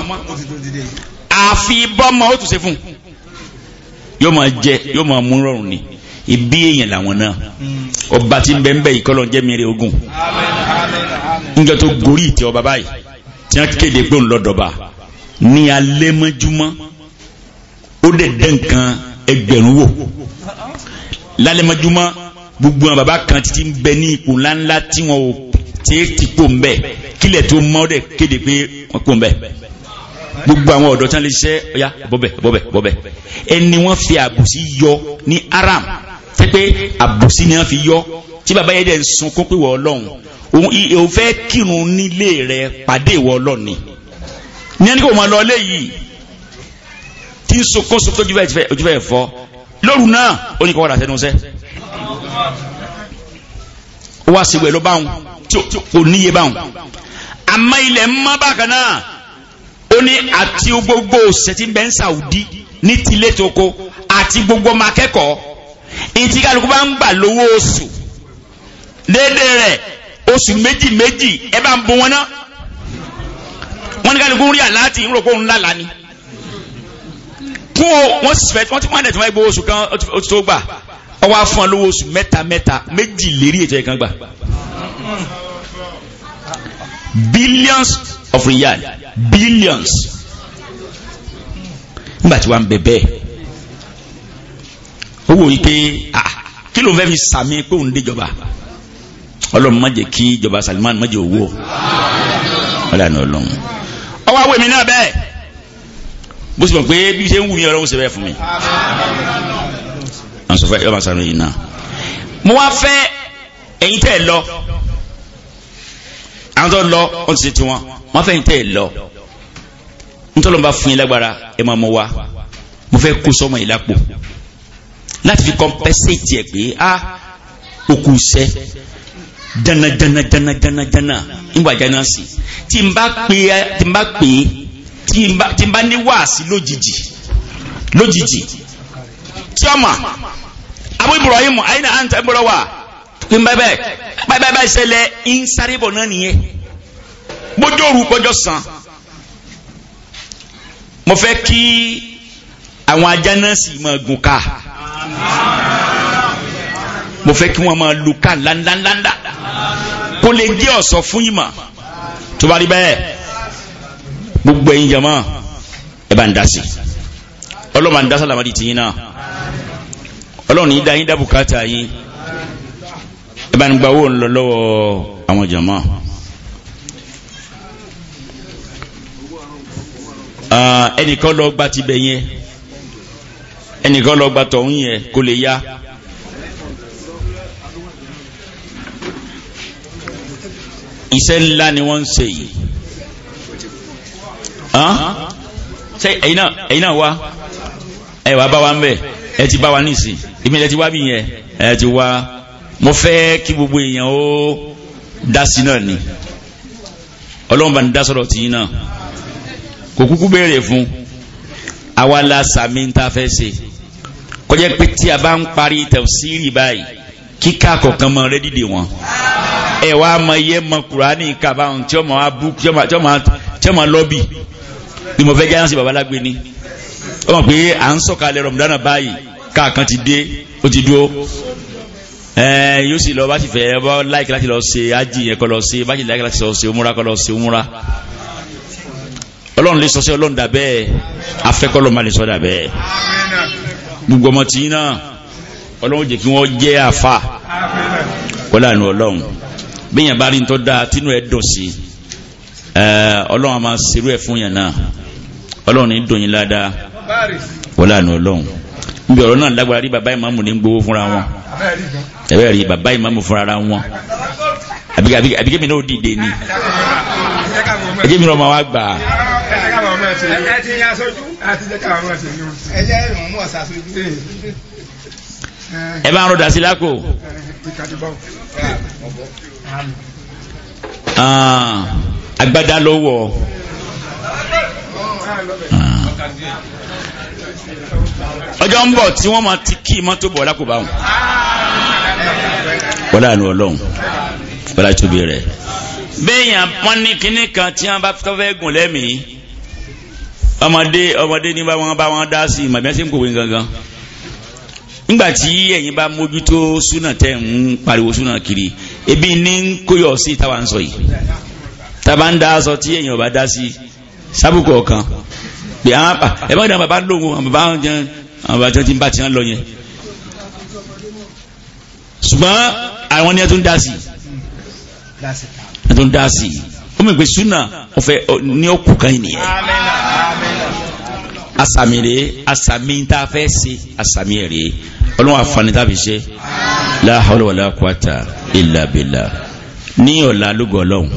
àfi bọ́mọ ó tún ṣe fún yóò máa jẹ yóò máa mú rọrùn ni ibi èèyàn làwọn náà ọba tí ń bẹ ń bẹ ìkọlọ̀ ń jẹ́ mìíràn ogun nígbà tó gorí ìtẹ́ ọba báyìí tí wọ́n kéde pé òun lọ́dọ̀ọba ní alẹ́ mọ́júmọ́ ó dẹ̀ dẹ́ nǹkan wò lálẹ́ mọ́júmọ́ gbogbo àwọn baba kan títí ń bẹ ní ipò ńláńlá tí wọn ò tí é ti pò ń bẹ kílẹ̀ tó mọ́ ọ́ dẹ̀ kéde pé wọ́n pò ń bẹ gbogbo àwọn ọ̀dọ́ tí wọ́n lè ṣiṣẹ́ ọ̀yá bọ́bẹ̀ bọ́bẹ̀ bọ́bẹ̀ ẹni wọ́n fi àbòsí yọ ní aram tẹ́ pé àbòsí ni wọ́n fi yọ tí bàbá yẹn dẹ̀ ń sunkún pé wọ́ ọlọ́run òun fẹ́ kírun nílé rẹ pàdé ìwọ ọlọ́run ni ní ẹni kò mọ lọ lé yìí tí ń sunkún sunkún ojú fẹ́ fọ́ lóru náà ó ní kó wọ́n rà sẹ́nu sẹ́ ó wá sí ìwé ló báwọn tí kò níye báwọn àmọ́ ilẹ̀ mọ́ bákan náà ó ní àti gbogbo òṣèṣẹ́ tí ń Saudi ní tilé toko àti gbogbo ọmọ akẹ́kọ̀ọ́ ìtì kálukú bá ń gbà lówó oṣù déédéé rẹ̀ oṣù méjì méjì ẹ bá ń bu wọn náà wọn ní kálukú rí àláàtì ń rò pé òun lálàá o wọn sì fẹ́ wọn ti pàdé tí wọn gbé oṣù kan oṣù tó gbà ọwọ́ afún lówó oṣù mẹ́ta mẹ́ta méjì lérí ètò ẹ̀kan gbà billions of riyal billions nígbà tí wọn bẹ bẹ́ẹ̀ ó wò yí pé kí ló ń fẹ́ fi sàmì pé òun déjọba ọlọ́run má jẹ́ kí ìjọba Salman má jẹ́ owó ọlọ́run ọlọ́run ọwọ́ àwọn èmi náà bẹ́ẹ̀ bó sì mọ̀ pé bí ṣe ń wù mí ọlọ́run ṣe bẹ́ẹ̀ fún mi àǹsọ̀fẹ́ yọba sanu yìí náà mo wá fẹ́ ẹ̀yin tẹ́ ẹ lọ àwọn tó lọ wọ́n ti ṣe tiwọn wọ́n fẹ́ ẹ̀yin tẹ́ ẹ lọ nítorí wọn bá fún yín lágbára ẹ máa mọ wa mo fẹ́ kó sọ́mọ yìí lápò láti fi compensate ẹ̀ pé a ah, òkú iṣẹ́ danadanadanadana nígbà jana sí tí n bá pè tí n bá pè tí n bá ní wáàsí lójijì lójijì tí ọmọ abu ibrahim aina anta ibrahima kí n bá bẹ́ẹ̀ báyìí báyìí ṣẹlẹ̀ ń sáré bọ̀ náà nìyẹn bójú òru kọjọ sàn mo fẹ́ kí àwọn ajá náà sì máa gùn ká mo fẹ́ kí wọ́n máa lu ká ńláńláńlá kó lè jẹ́ ọ̀sọ̀ fún yín mà tó bá rí bẹ́ẹ̀ gbogbo ẹ̀yin jama ẹ bá ń dasi ọlọ́run bá ń dasa lamadi tìyín náà ọlọ́run ní dáyín dá bùkátà yín ẹ bá ń gba owó ńlọ lọ́wọ́ àwọn jama. Ah, ẹnìkan lọ gba tibẹ̀ yẹn ẹnìkan lọ gbàtọ̀ ń yẹ kó lè yá. iṣẹ́ ńlá ni wọ́n ń ṣe yìí ṣe ẹ̀yin náà wá ẹ wá bá wa ń bẹ̀ ẹ ti bá wa nísìn èmi ẹ ti wá bí yẹn ẹ ti wá mo fẹ́ kí gbogbo èèyàn ó dá sí náà ni ọlọ́run bá ń dá tì í náà kò kúkú béèrè fún àwa la sàmì ń ta fẹ́ ṣe kọjá pé tí a bá ń parí tafsiri báyìí kíkà kọ̀ọ̀kan mọ rẹ́ dìde wọn ẹ wá mọ iye mọ kùránì kàbáwọn tí ọmọ abú tí ọmọ lọ́bì ni mo fẹ́ jáde sí babalágbé ni ọmọ pé à ń sọ̀kalẹ̀ rọ̀mùdánà báyìí káàkan ti dé ó ti dúró yóò sì lọ bá ti fẹ́ bọ́ láìkí láti lọ ṣe ájì yẹn kọ́ lọ ṣe bá ti láìkí láti lọ ṣe òmúra kọ́ lọ ṣe òmúra ọlọ́run lè sọ sí ọlọ́run dà bẹ́ẹ̀ afẹ́kọ́lọ́ máa lè sọ dà bẹ́ẹ̀ gbogbo ọmọ tí náà ọlọ́run jẹ́ kí wọ́n jẹ́ àfà wọ́lá nu ọlọ́run bíyàn bá rí ń tọ́ da tínú ẹ̀ dùn sí ọlọ́run a máa ṣerú ẹ̀ fún yàn náà ọlọ́run ní dùn yín ládàá wọ́lá nu ọlọ́run níbi ọ̀rọ̀ náà lágbára rí bàbá ìmáàmù ní gbowó fúnra wọn ẹ̀rẹ́ rí bàbá ìmáàmù fúnra wọn àbíkẹ́ mi náà dìde ni ẹ̀jẹ̀ mi náà máa wá gbà á àti jẹ́ káwọn ọmọ ṣe yóò ṣe. ẹ jẹ́ ìwọ̀n mú ọ̀sà sójú. ẹ bá ń rọdà sí lápò. Ah, agbádá ló wọ̀ ah. ọjọ́ ń bọ̀ tí wọ́n máa ti kí mọ́tò bọ̀ lákòbá wọn wọ́n àánú ọlọ́run wọ́n tóbi rẹ̀ bẹ́ẹ̀ yàn wọ́n ní kan tí wọ́n bá fẹ́ gùn lẹ́mìí ọmọdé ọmọdé ní bá wọn bá wọn dá sí ìmọ̀ bí wọ́n ṣe gangan nígbà tí bá mójútó súnà tẹ̀ ń pariwo súnà kiri ebi ní kóyọ̀ sí táwa ń sọ yìí tábà ń dá aṣọ tí ẹ̀yin ọba dá sí sábùkù ọ̀kan pé àwọn ẹ̀ bá dàn bàbá lóhùn àwọn bàbá àwọn bàbá tí ń bá tiwọn lọ yẹn ṣùgbọ́n àwọn ni ẹ tún dá sí ẹ tún dá sí ó mọ̀ pé súnà ọ̀fẹ́ ní ọkùnkan ènìyàn. Àmín. Àmín asàmì rèé asàmì tá a fẹ́ ṣe asàmì rèé ọlọ́run àfààní tá a fi ṣe la hawla illa billah ní ọ̀la lógo ọlọ́run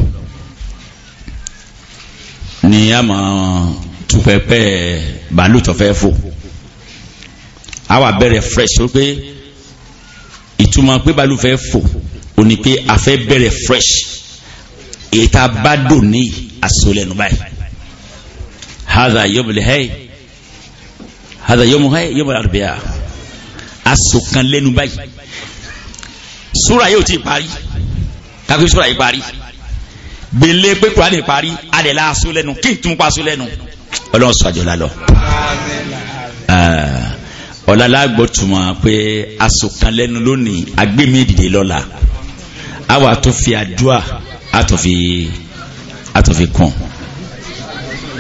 ni a máa tupẹ́pẹ́ bàálù tó fẹ́ fò a wà bẹ̀rẹ̀ fresh ó pé ìtumọ̀ pé bàálù fẹ́ fò ó ní pé a fẹ́ bẹ̀rẹ̀ fresh èyí tá a bá dò ní àsọlẹ̀ báyìí hadha yóò bẹ̀rẹ̀ هذا يوم هاي يوم الأربعاء asòkan lẹ́nu báyìí súra yóò ti parí kákí súra yìí parí gbélé pé kúránì parí adẹ̀lá aṣọ lẹ́nu kí n tún pa aṣọ lẹ́nu ọlọ́run sọ àjọlá lọ. ọ̀làlá gbọ́ tuma pé asòkan lẹ́nu lónìí agbẹ́mí dìde lọ́la àwa tó fi àdúrà àtọ̀fi àtọ̀fi kàn.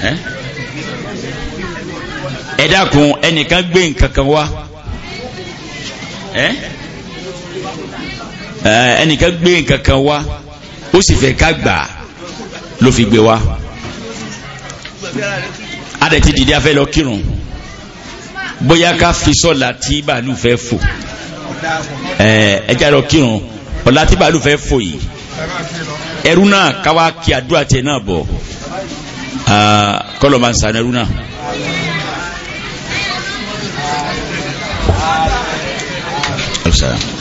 Eh? ẹ dákun ẹnìkan gbé nǹkan kan wá ẹnìkan gbé nǹkan kan wá ó sì fẹ́ ká gbà ló fi gbé wá adẹ̀ ti dìde afẹ́ lọ kírun bóyá ká fi sọ́la tí bàálù fẹ́ fò ẹjá lọ kírun ọ̀la tí bàálù fẹ́ fò yìí ẹrú náà káwá kí àdúrà tiẹ̀ náà bọ̀ kọ́lọ̀ máa ń sa ẹrú náà. I'm sorry.